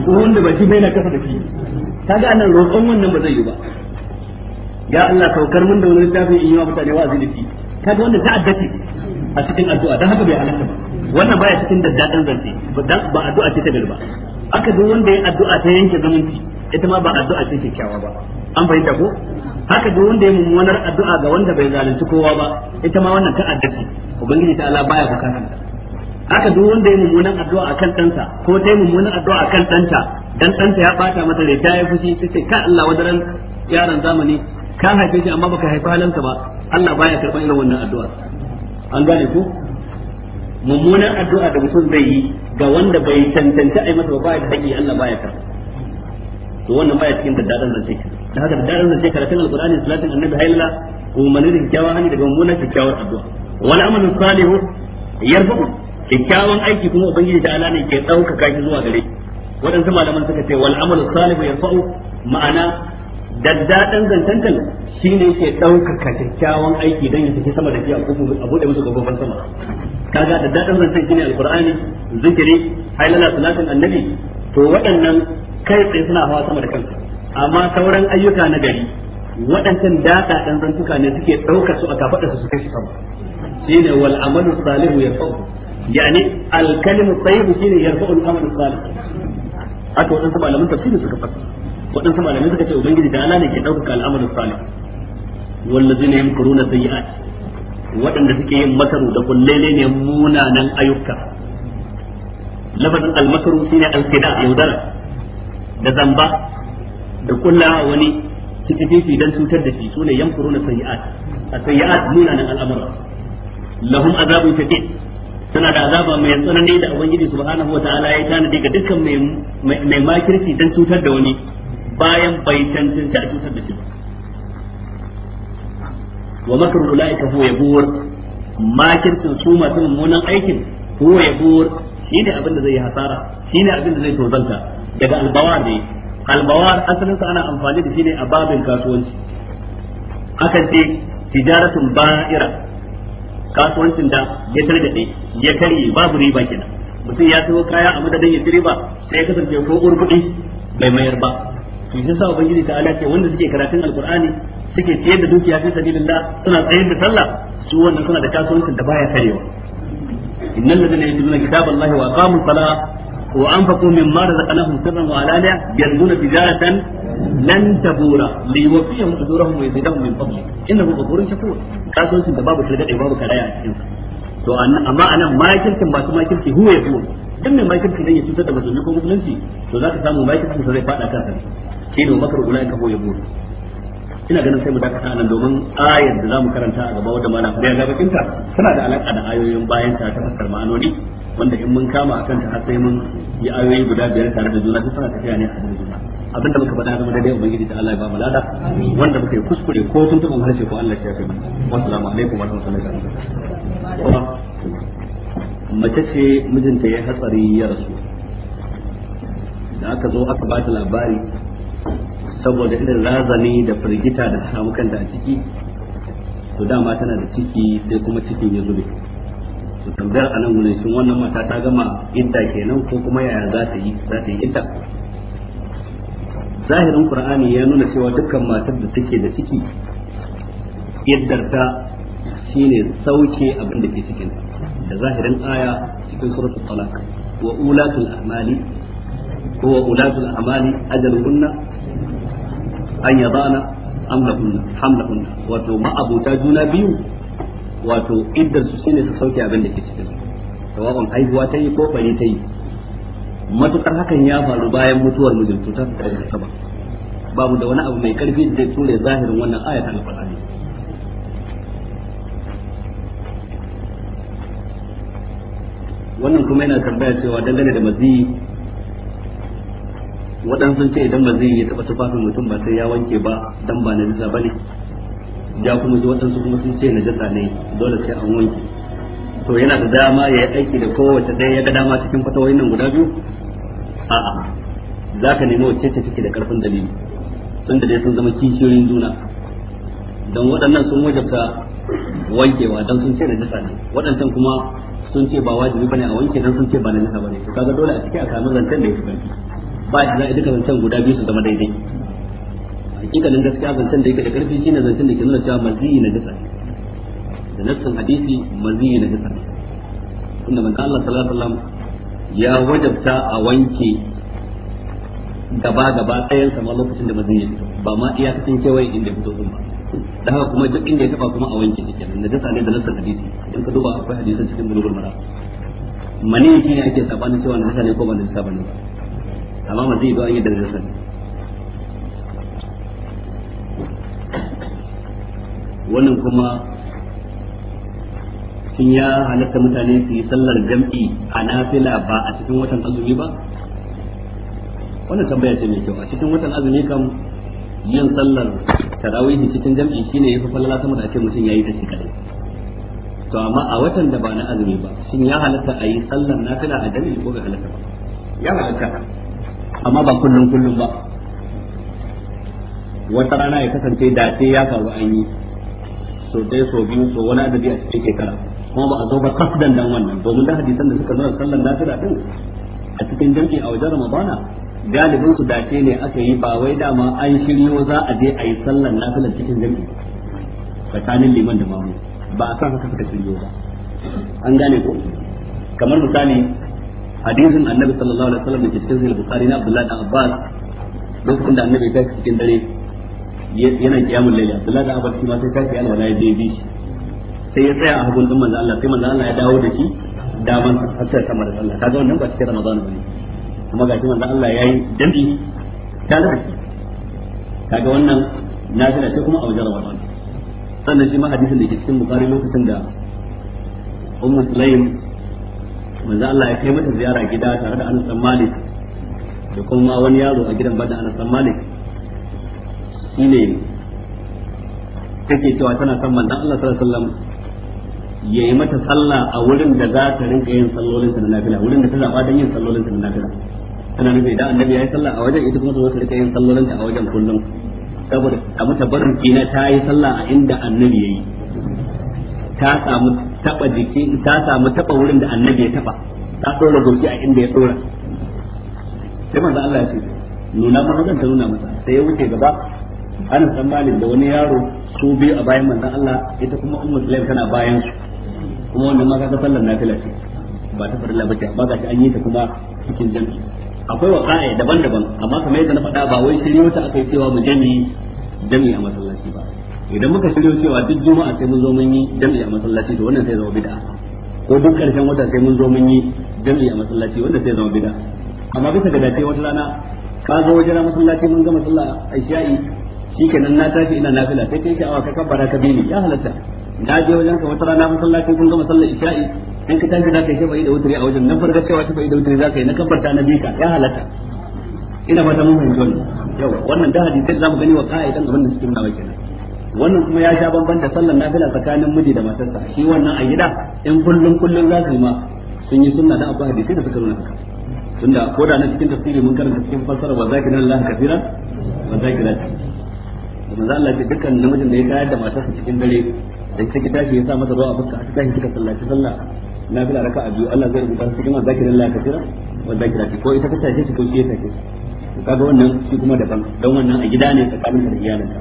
ko wanda ba shi bai na kafa da shi kaga annan roƙon wannan ba zai yi ba ya Allah saukar mun da wani littafin in yi wa mutane wa'azi da shi kaga wanda ta addace a cikin addu'a dan haka bai halaka ba wannan baya cikin daddadan zance ba addu'a ce ta garba aka duk wanda ya addu'a ta yanke zumunci ita ma ba addu'a ce kyakkyawa ba an fahimta ko haka duk wanda ya mummunar addu'a ga wanda bai zalunci kowa ba ita ma wannan ta'adda addace ubangiji ta Allah baya bukatar aka duk wanda ya mummunan addu'a a kan ɗansa ko ta yi mummunan addu'a a kan ɗanta dan ɗanta ya ɓata mata rai ta yi fushi ta ce ka Allah daren yaron zamani ka haife shi amma baka haifi halansa ba Allah baya karɓar irin wannan addu'a an gane ku mummunan addu'a da mutum zai yi ga wanda bai tantance ai masa ba da haƙi Allah baya ta. to wannan baya cikin daddadan zance da haka daddadan zance karatun alqur'ani salatin annabi hayyalla ko da kyawawan hani daga mummunan kyakkyawar addu'a wal amalu salihu yarfa'u kyakkyawan aiki kuma ubangiji ta'ala ne ke ɗaukaka shi zuwa gare waɗansu malaman suka ce wal amalu salihu yarfa'u ma'ana daddadan zantantan shi ne ke ɗaukaka kyakkyawan aiki don ya tafi sama da shi a bude musu gobobin sama kaga daddadan zantan shi ne alƙur'ani zikiri hailala salatin annabi to waɗannan kai tsaye suna hawa sama da kansu amma sauran ayyuka na gari waɗancan daɗaɗan zantuka ne suke ɗaukar su a kafaɗa su su kai sama shi ne wal amalu salihu yarfa'u yani alkalimu tsayibu shine yarfa'ul amal salih aka wadansu malaman tafsiri suka fasa wadansu malamai suka ce ubangiji da Allah ne ke dauka al'amal salih wallazina yamkuruna sayyi'at waɗanda suke yin makaru da kullele ne munanan ayyuka lafazin almakaru shine alkida yaudara da zamba da kulla wani cikin fifi dan cutar da shi sune yamkuruna sayyi'at a sayyi'at munanan tana da azaba mai tsanani da ubangiji subhanahu wataala ya tanadi ga dukkan mai mai makirci dan cutar da wani bayan bai cancanta a cutar da shi ba wa makru ulaika huwa yabur makircin su masu mummunan aikin huwa yabur shine abin da zai yi hasara shine abin da zai tozanta daga albawar ne albawar asalin sa ana amfani da shi ne a babin kasuwanci akan ce tijaratun ba'ira kasuwancin da ya targade ya karye babu riba kenan mutum ya sayo kaya a madadin ya ci riba sai ya kasance ko urkuɗi bai mayar ba to shi yasa ubangiji ta ala wanda suke karatun alqur'ani suke ciyar da dukiya fi sabilillah suna tsayar da sallah su wannan suna da kasuwancin da baya karewa innal ladina yatluna kitaballahi wa aqamus salah wa anfaqu mimma razaqnahum sirran wa alaniya yarjuna tijaratan lan tabura li yuwaffihim ujurahum wa yazidahum min fadli innahu ghafurun shakur kasuwancin da babu shirga babu karaya a cikin to amma anan makirkin ba su makirci huwa ya dan mai makirci dan ya cutar da musulmi ko musulunci to zaka samu makirkin sa zai fada kansa shi ne makar ulai ka huwa ya ina ganin sai mu dakata anan domin ayar da zamu karanta a gaba wanda malam ya ga bakin ta tana da alaka da ayoyin bayan ta ta fasar ma'anoni wanda in mun kama akan ta har sai mun yi ayoyi guda biyar tare da juna sai tana tafiya ne a cikin juna abinda muka faɗa zama daidai ubangiji ta Allah ya ba mu lada wanda muka yi kuskure ko tun tuba harshe ko Allah ya fi mana assalamu alaikum wa rahmatullahi wa barakatuh mace ce mijinta ya hatsari ya rasu da aka zo aka ba ta labari saboda irin razani da firgita da samu kanta a ciki to dama tana da ciki sai kuma cikin ya zube to tambayar a nan wurin wannan mata ta gama idda kenan ko kuma yaya za ta yi za ta yi idda zahirin qur'ani ya nuna cewa dukkan matar da take da ciki iddarta shine sauke abin da ke cikin da zahirin aya cikin suratul talaq wa ulatul ahmali wa ulatul ahmali ajaluhunna an yadana amlahunna hamlahunna wato ma'abuta juna biyu wato iddar su shine su sauke abin da ke cikin sawa'un haihuwa ta yi ko bari ta yi matukar hakan ya faru bayan mutuwar mijin to ta fita daga saba babu da wani abu mai karfi da zai ture zahirin wannan ayatan alqur'ani wannan kuma yana tambaya cewa dangane da maziyi waɗansu ce idan mazi ya taɓa tufafin mutum ba sai ya wanke ba dan ba na ba ne ya kuma ji waɗansu kuma sun ce na najasa ne dole sai an wanke to yana da dama ya yi aiki da kowace ɗaya ya ga dama cikin fatawoyin nan guda biyu a'a za ka nemi wacce ce take da karfin dalili tunda dai sun zama kishiyoyin juna don waɗannan sun wajabta wankewa don sun ce najasa ne waɗancan kuma sun ce ba wajibi bane a wanke dan sun ce ba najasa bane to kaga dole a cikin a samu zancen da yake karfi ba shi za a duka zancen guda biyu su zama daidai hakikalin gaskiya zancen da yake da karfi shine zancen da ke nuna cewa maziyi najasa ne da nassin hadisi maziyi najasa ne tunda manzo Allah sallallahu alaihi wasallam ya wajabta a wanke gaba gaba tsayansa ma lokacin da mazin ya fito ba ma iya cikin kewaye inda fito sun ba da haka kuma duk inda ya taba kuma a wanke shi kenan najasa ne da nasar hadisi in ka duba akwai hadisin cikin bulugul mara mani yake ne ake sabanin cewa najasa ne ko ba najasa bane ba amma mazin ya zo an yi da najasa ne wannan kuma shin ya halatta mutane su yi sallar jam'i a nafila ba a cikin watan azumi ba wannan tambaya ce mai kyau a cikin watan azumi kam yin sallar tarawih cikin jam'i shine yafi falala sama da ake mutum yayi ta shi kadai to amma a watan da ba na azumi ba shin ya halatta a yi sallar nafila a jam'i ko bai halatta ba ya halatta amma ba kullum kullum ba wata rana ya kasance da sai ya faru an yi so dai so biyu so wani adadi a cikin shekara kuma ba a zo ba kasdan nan wannan domin da hadisan da suka zo da sallan nafila din a cikin jami'i a wajen ramadana galibin su dace ne aka yi ba wai dama an shiryo za a je a yi sallan nafila cikin jami'i tsakanin liman da mamu ba a san haka suka shiryo ba an gane ko kamar misali hadisin annabi sallallahu alaihi wasallam da ke cikin sahih bukhari na abdullahi da abbas lokacin da annabi ya tashi cikin dare yana kiyamul layli abdullahi da abbas shi ma sai tashi alwala ya je bi shi sai ya tsaya a hagun din manzo Allah sai manzo Allah ya dawo da shi daman hasar sama da sallah kaga wannan ba cikin Ramadan bane amma shi manzo Allah yayi dambi ta da shi kaga wannan na nafila sai kuma a wajen Ramadan sannan shi ma hadisin da ke cikin Bukhari lokacin da Ummu Sulaim manzo Allah ya kai mata ziyara gida tare da Anas Malik da kuma wani yaro a gidan bada Anas Malik shine take cewa tana son manzon Allah sallallahu alaihi wasallam ya yi mata sallah a wurin da za ta rinka yin sallolin ta na nafila wurin da ta zaba don yin sallolin ta na nafila tana nufi idan annabi ya yi sallah a wajen ita kuma ta zo ta rinka yin sallolin ta a wajen kullum saboda a mata barin kina ta yi sallah a inda annabi ya yi ta samu taba jiki ta samu taba wurin da annabi ya taba ta dora gurki a inda ya dora sai manzo Allah ya ce nuna mana hakan ta nuna masa sai ya wuce gaba ana san da wani yaro su biyu a bayan manzon Allah ita kuma ummu sulaim tana bayan su kuma wannan ma kaga sallar nafila ce ba ta farilla ba ga shi an yi ta kuma cikin jami'i akwai waqa'i daban-daban amma kamar yadda na faɗa ba wai shiryo wata akai cewa mu jami'i jami'i a masallaci ba idan muka shiryo cewa duk juma'a sai mun zo mun yi jami'i a masallaci to wannan sai zama bid'a ko duk karshen wata sai mun zo mun yi jami'i a masallaci wanda sai zama bid'a amma bisa ga dace wata rana ka zo wajen masallaci mun gama sallah aisha'i shikenan na tashi ina nafila sai kai ka awa ka kabbara ka bi ni ya halatta na je wajen ka wata rana masallacin kun gama sallar isha'i in ka tashi za ka yi shafa'i da wuturi a wajen na farka cewa shafa'i da wuturi za ka yi na kabarta na bika ya halatta ina fata mun fahimci wannan yau wannan da hadisi za mu gani wa ka'idan abin da suke nuna kenan wannan kuma ya sha bamban da sallar nafila tsakanin miji da matarsa shi wannan a gida in kullun kullun za su yi ma sun yi sunna da abu hadisi da suka nuna haka tunda ko da na cikin tafsiri mun karanta cikin fassara wa zakiran Allah kafiran wa zakirat manzo Allah ce dukkan namijin da ya kayar da sa cikin dare da take shi ya sa mata ruwa a fuska a tashi kika sallaci sallah na bila raka'a biyu Allah zai rubuta su cikin zakirin Allah kafira wa zakira ko ita ta tashi shi ko shi ya tashi kaga wannan shi kuma daban don wannan a gida ne tsakanin da iyalinka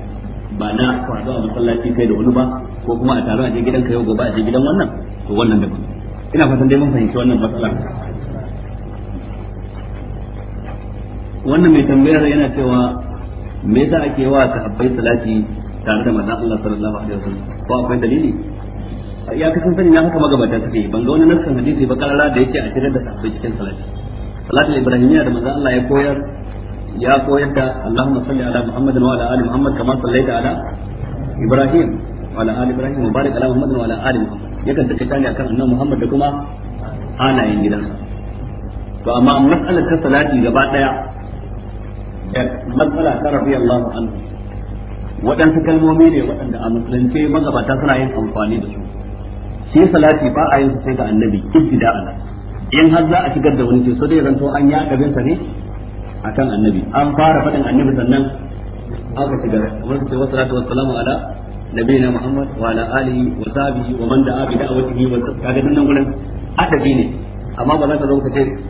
ba na kwado a masallaci kai da wani ba ko kuma a taro a je gidanka yau gobe a je gidan wannan to wannan daban ina fatan dai mun fahimci wannan matsalar wannan mai tambayar yana cewa me yasa ake wa sahabbai salati tare da manzon Allah sallallahu alaihi wasallam ko akwai dalili ya kasan sani na haka magabata suke ban ga wani nassan hadisi ba karara da yake a cikin da sahabbai cikin salati salatul ibrahimiyya da manzon Allah ya koyar ya koyar da Allahumma salli ala Muhammad wa ala ali Muhammad kama sallaita ala Ibrahim wa ala ali Ibrahim wa barik ala Muhammad wa ala ali Muhammad yakan take tani akan annabi Muhammad da kuma yin gidansa to amma mas'alar ta salati gaba daya matsala ta rabi Allah anhu waɗansu kalmomi ne waɗanda a musulunce magabata suna yin amfani da su shi salati ba a yin sai ga annabi ibtida'an in har za a shigar da wani so dai zanto an ya kabin sa ne akan annabi an fara faɗin annabi sannan aka shigar wani ce wasu wassalatu wassalamu ala nabiyina muhammad wa ala alihi wa sahbihi wa man da'a bi da'awatihi wa kaga nan gurin adabi ne amma ba za ka zo ka ce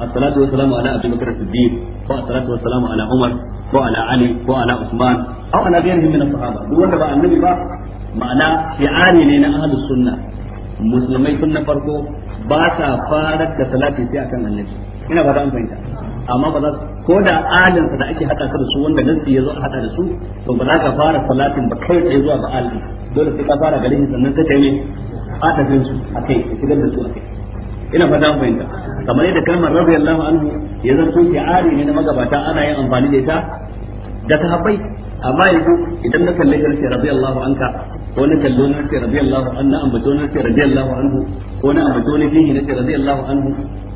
as-salatu wa salamu ala abi bakr as ko as-salatu ala umar ko ala ali ko ala usman aw ala ghayrihim min as-sahaba annabi ba ma'ana shi'ani ne na ahlus sunna musulmai tun na farko ba sa farar da salati sai akan annabi ina ba da an fahimta amma ba za su ko da alinsa da ake haɗa da su wanda nasi ya zo a haɗa da su to ba za ka fara salatin ba kai tsaye zuwa ga dole sai ka fara garin sannan a su a kai ka shigar da su a kai ina fata mu fahimta kamar yadda kalmar radiyallahu anhu ya zanto ari ne na magabata ana yin amfani da ita da sahabbai amma yanzu idan na kalle ka ce radiyallahu anka ko na kallo na ce radiyallahu anna ambato na ce radiyallahu anhu ko na ambato ne fihi na ce radiyallahu anhu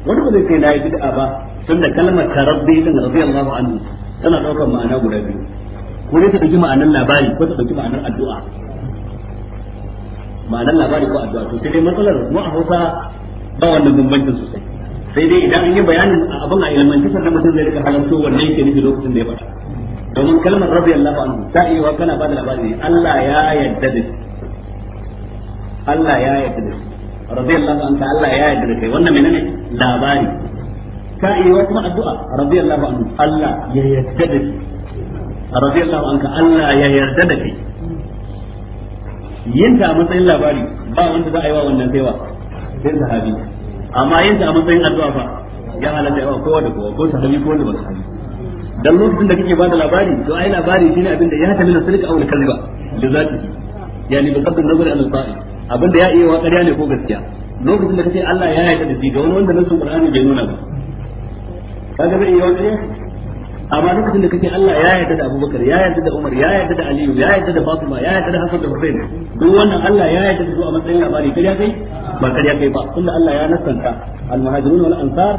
wani ba zai kai na yi bid'a ba tun da kalmar tarabbi din radiyallahu anhu tana daukar ma'ana guda biyu ko dai ta dauki ma'anar labari ko ta dauki ma'anar addu'a ma'anar labari ko addu'a to sai dai matsalar mu a Hausa ba wannan bambancin sosai sai dai idan an yi bayanin abin a ilmanci sannan mutum zai rika halarto wannan yake nufi lokacin da ya faɗa domin kalmar rabbi ba anhu ta iya wa ba bada labari Allah ya yarda da Allah ya yarda da rabbi Allahu anka Allah ya yarda da kai wannan menene labari ka iya wa kuma addu'a rabbi Allahu anhu Allah ya yarda da kai rabbi Allahu anka Allah ya yarda da kai yin ta matsayin labari ba wanda za a yi wa wannan saiwa sai sahabi amma yin ta a matsayin addu'a fa ya halatta yawa kowa da kowa ko sahabi ko wanda ba sahabi dan lokacin da kake bada labari to ai labari shine abin da ya ta mina sulka aw kalba da zati yani bi qadr nazari al sa'i abin da ya iya wa ƙarya ne ko gaskiya lokacin da kace Allah ya ta da shi ga wani wanda nan Qur'ani bai nuna ba kaga zai iya wa ƙarya amma lokacin da kake Allah ya yarda da Abubakar ya yarda da Umar ya yarda da Aliyu ya yarda da Fatima ya yarda da Hassan da Hussein duk wannan Allah ya yarda da su a matsayin labari kariya kai ba kariya kai ba tunda Allah ya nasanta al-muhajirun wal ansar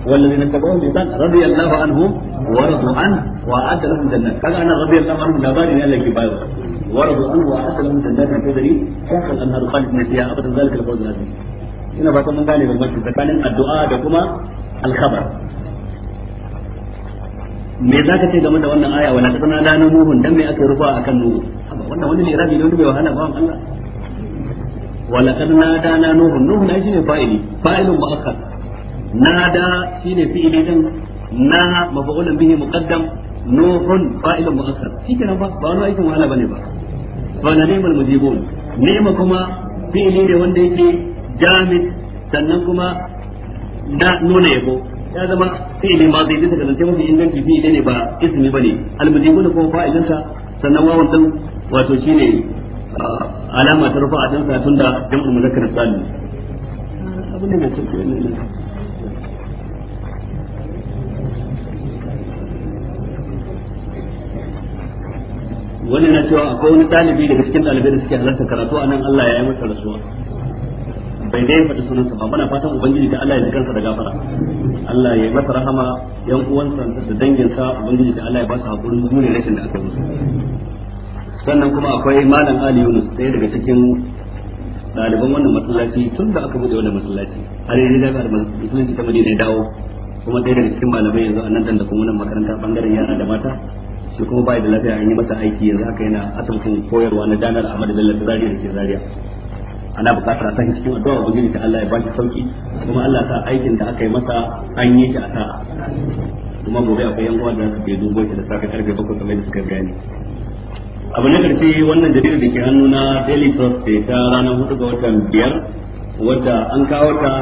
والذين اتبعوهم بإحسان رضي الله عنهم ورضوا عنه وأعد لهم جنات كذا أنا رضي الله عنهم لباري أنا لك بايرو ورضوا عنه وأعد لهم جنات تجري تحت الأنهار خالدين فيها أبدا ذلك الفوز العظيم ina fatan mun gane bambanci tsakanin addu'a da kuma alkhabar me za ka ce game da wannan aya wala kasana da nuhun dan me aka rufa akan nuhu wannan wani ne rabi ne wani bai wahala ba Allah wala kasana da na nuhun nuhu na shine fa'ili fa'ilun mu'akkad nada shine fi'ili din na mafa'ulun bihi muqaddam nuhun fa'ilun mu'akkad shikenan ba ba wani aikin wahala bane ba fa na ni'mal mujibun nema kuma fi'ili ne wanda yake jamid sannan kuma da nuna yabo ya zama ne ba zai bisa kasance mafi inganci fi ne ba ismi ne almujibu da kuma fa'ilinsa sannan wawan din wato ne alama ta rufa a dan sa tunda jam'ul muzakkar salim abin da mai cikin nan. wani na cewa akwai wani ɗalibi daga cikin ɗalibai da suke halarta karatu a nan Allah ya yi masa rasuwa bai dai faɗi sunansa ba mana fatan ubangiji ta Allah ya ji kansa da gafara Allah ya masa rahama yan uwansa da danginsa ubangiji da Allah ya ba su mu ne rashin da aka musu sannan kuma akwai malam Ali Yunus ɗaya daga cikin ɗaliban wannan masallaci tun da aka buɗe wannan masallaci har yanzu da masallaci ta Madina ya dawo kuma ɗaya daga cikin malamai yanzu a nan da kuma wannan makaranta bangaren yara da mata shi kuma bai da lafiya an yi masa aiki yanzu haka yana asibitin koyarwa na danar Ahmad Bello Zaria da ke Zaria ana bukatar a sahi cikin addu'a ubangiji ta Allah ya ba shi sauki kuma Allah ta aikin da aka yi masa an yi shi a sa'a kuma gobe akwai yan uwa da su ke dubo shi da safe karfe bakwai kamar da suka gani abu na karshe wannan jaridar da ke hannu na daily trust da ta ranar hudu ga watan biyar wadda an kawo ta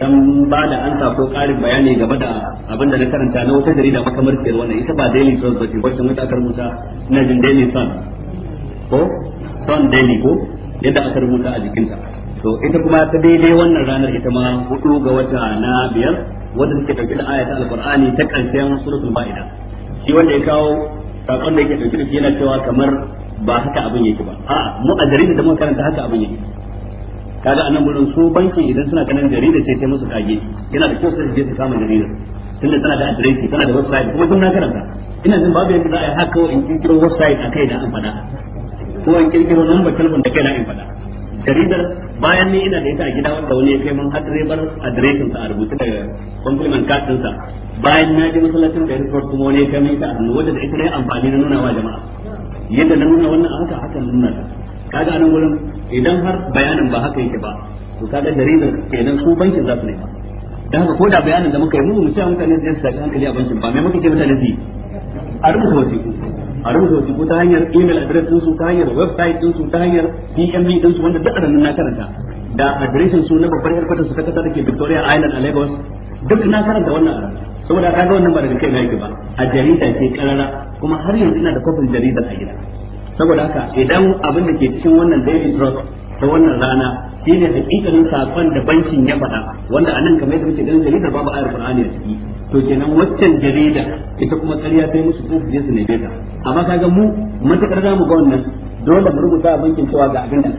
dan ba da an ko karin bayani game da abin da na karanta na wata jarida makamarciyar wannan ita ba daily trust ba ce wacce wata aka rubuta na jin daily sun ko sun daily ko yadda aka rubuta a jikinta to ita kuma ta daidai wannan ranar ita ma hudu ga wata na biyar wanda take dauke da ayatul alqur'ani ta karshen suratul ba'ida shi wanda ya kawo sakon da yake dauke da yana cewa kamar ba haka abin yake ba a mu a jarida da muka karanta haka abin yake kaga anan gurin su bankin idan suna ganin jarida ce ta musu kage yana da kyau sai je su jarida tunda tana da adireshi tana da website kuma tun na karanta ina jin babu yadda za a yi haka in kiro website akai da an faɗa ko an kirkiro ba telephone da na in fada jaridar bayan ni ina da ita a gida wanda wani ya kai mun har bar adireshin sa a rubuta da compliment card din sa bayan na je masallacin da report kuma wani ya kai mun ita a hannu wanda da ita ne amfani na nuna wa jama'a yadda na nuna wannan haka haka nuna ta kaga nan gurin idan har bayanin ba haka yake ba to kaga jaridar kenan su bankin za su ne da haka ko da bayanin da muka yi mu mu ce mutane su je su tafi hankali a bankin ba mai muka ke mutane su yi a rubuta wasiƙu a rubuta ko ta hanyar email address ɗinsu ta hanyar website ɗinsu ta hanyar DMV ɗinsu wanda duk adadin na karanta da adireshin su na babbar harkatar su ta kasa ke Victoria Island a Lagos duk na karanta wannan a saboda ka ga wannan ba daga kai na yake ba a jarida ke karara kuma har yanzu ina da kofin jaridar a gida saboda haka idan abin da ke cikin wannan daily drug ta wannan rana shine hakikalin sakon da bankin ya faɗa wanda anan kamar yadda muke ganin jaridar babu ayar Qur'ani a ciki to kenan waccan jarida ita kuma ƙarya ta yi musu tsofi su ne beta amma kaga mu matakar za mu ga wannan dole mu rubuta a bankin cewa ga abin da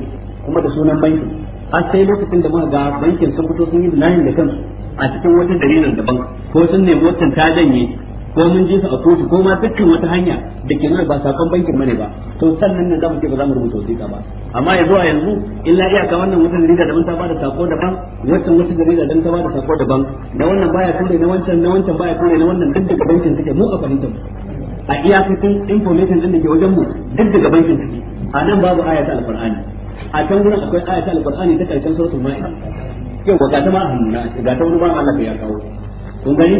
kuma da sunan bankin har sai lokacin da muka ga bankin sun fito sun yi layin da kansu a cikin wata jaridar daban ko sun nemi waccan ta janye ko mun je su a kotu ko ma dukkan wata hanya da ke nuna ba sakon bankin mane ba to sannan ne mu ce ba za mu rubuta wasiƙa ba amma ya zuwa yanzu illa iyaka wannan wata jarida mun ta bada sako daban wancan wata jarida dan ta bada sako daban da wannan baya tura na wancan na wancan baya tura na wannan duk daga bankin suke mu a fahimtar a iya iyakacin information din da ke wajen mu duk daga bankin suke a nan babu ayatul alqur'ani a can gurin akwai ayatul alqur'ani ta karshen suratul ma'idah yau ga ta ma a ga ta wani ba Allah ya kawo kun gani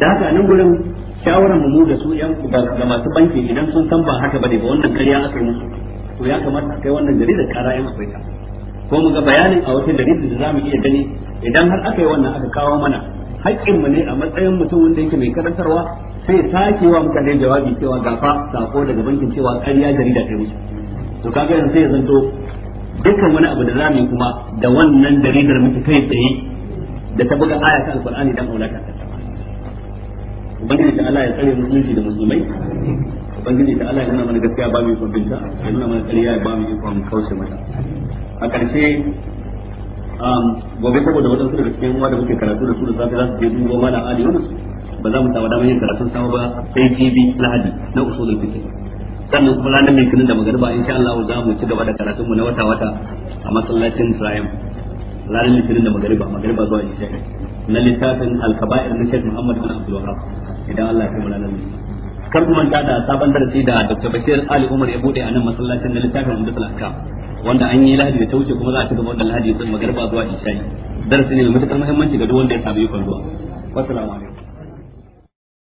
da haka nan gurin shawaran mu da su yan ga masu banki idan sun san ba haka bane ba wannan kariya aka yi musu to ya kamata a kai wannan jaridar kara yan akwai ta ko mu ga bayanin a wata jaridar da zamu iya gani idan har aka yi wannan aka kawo mana haƙƙin mu ne a matsayin mutum wanda yake mai karantarwa sai sake wa mutane jawabi cewa gafa sako daga bankin cewa kariya jarida kai musu to kaga yanzu sai ya zanto dukkan wani abu da zamu yi kuma da wannan jaridar muke kai tsaye da ta buga aya ta alqur'ani dan aulaka ubangiji ta Allah ya tsare musulunci da musulmai ubangiji ta Allah ya nuna mana gaskiya ba mu ikon binta ya nuna mana tsariya ba mu ikon kauce mata a ƙarshe um, gobe saboda su daga cikin wanda muke karatu da su da safe za su je dubo mana ali wani ba za mu samu damar yin karatun sama ba sai jibi lahadi na usulul fiqh sannan kuma ranar litinin da magariba insha Allah za mu ci gaba da karatun mu na wata wata a masallacin Ibrahim ranar litinin da magariba magariba zuwa isha na littafin alkaba'ir na Sheikh Muhammad bin Abdul Wahhab idan Allah ya kai mu ranar kar ku da sabon darasi da Dr. Bashir Ali Umar ya bude a nan masallacin na littafin Umdatul Ahkam wanda an yi lahadi da ta wuce kuma za a ci gaba da lahadi sun magarba zuwa isha'i darasi ne mai matukar muhimmanci ga duk wanda ya samu yi zuwa wassalamu alaikum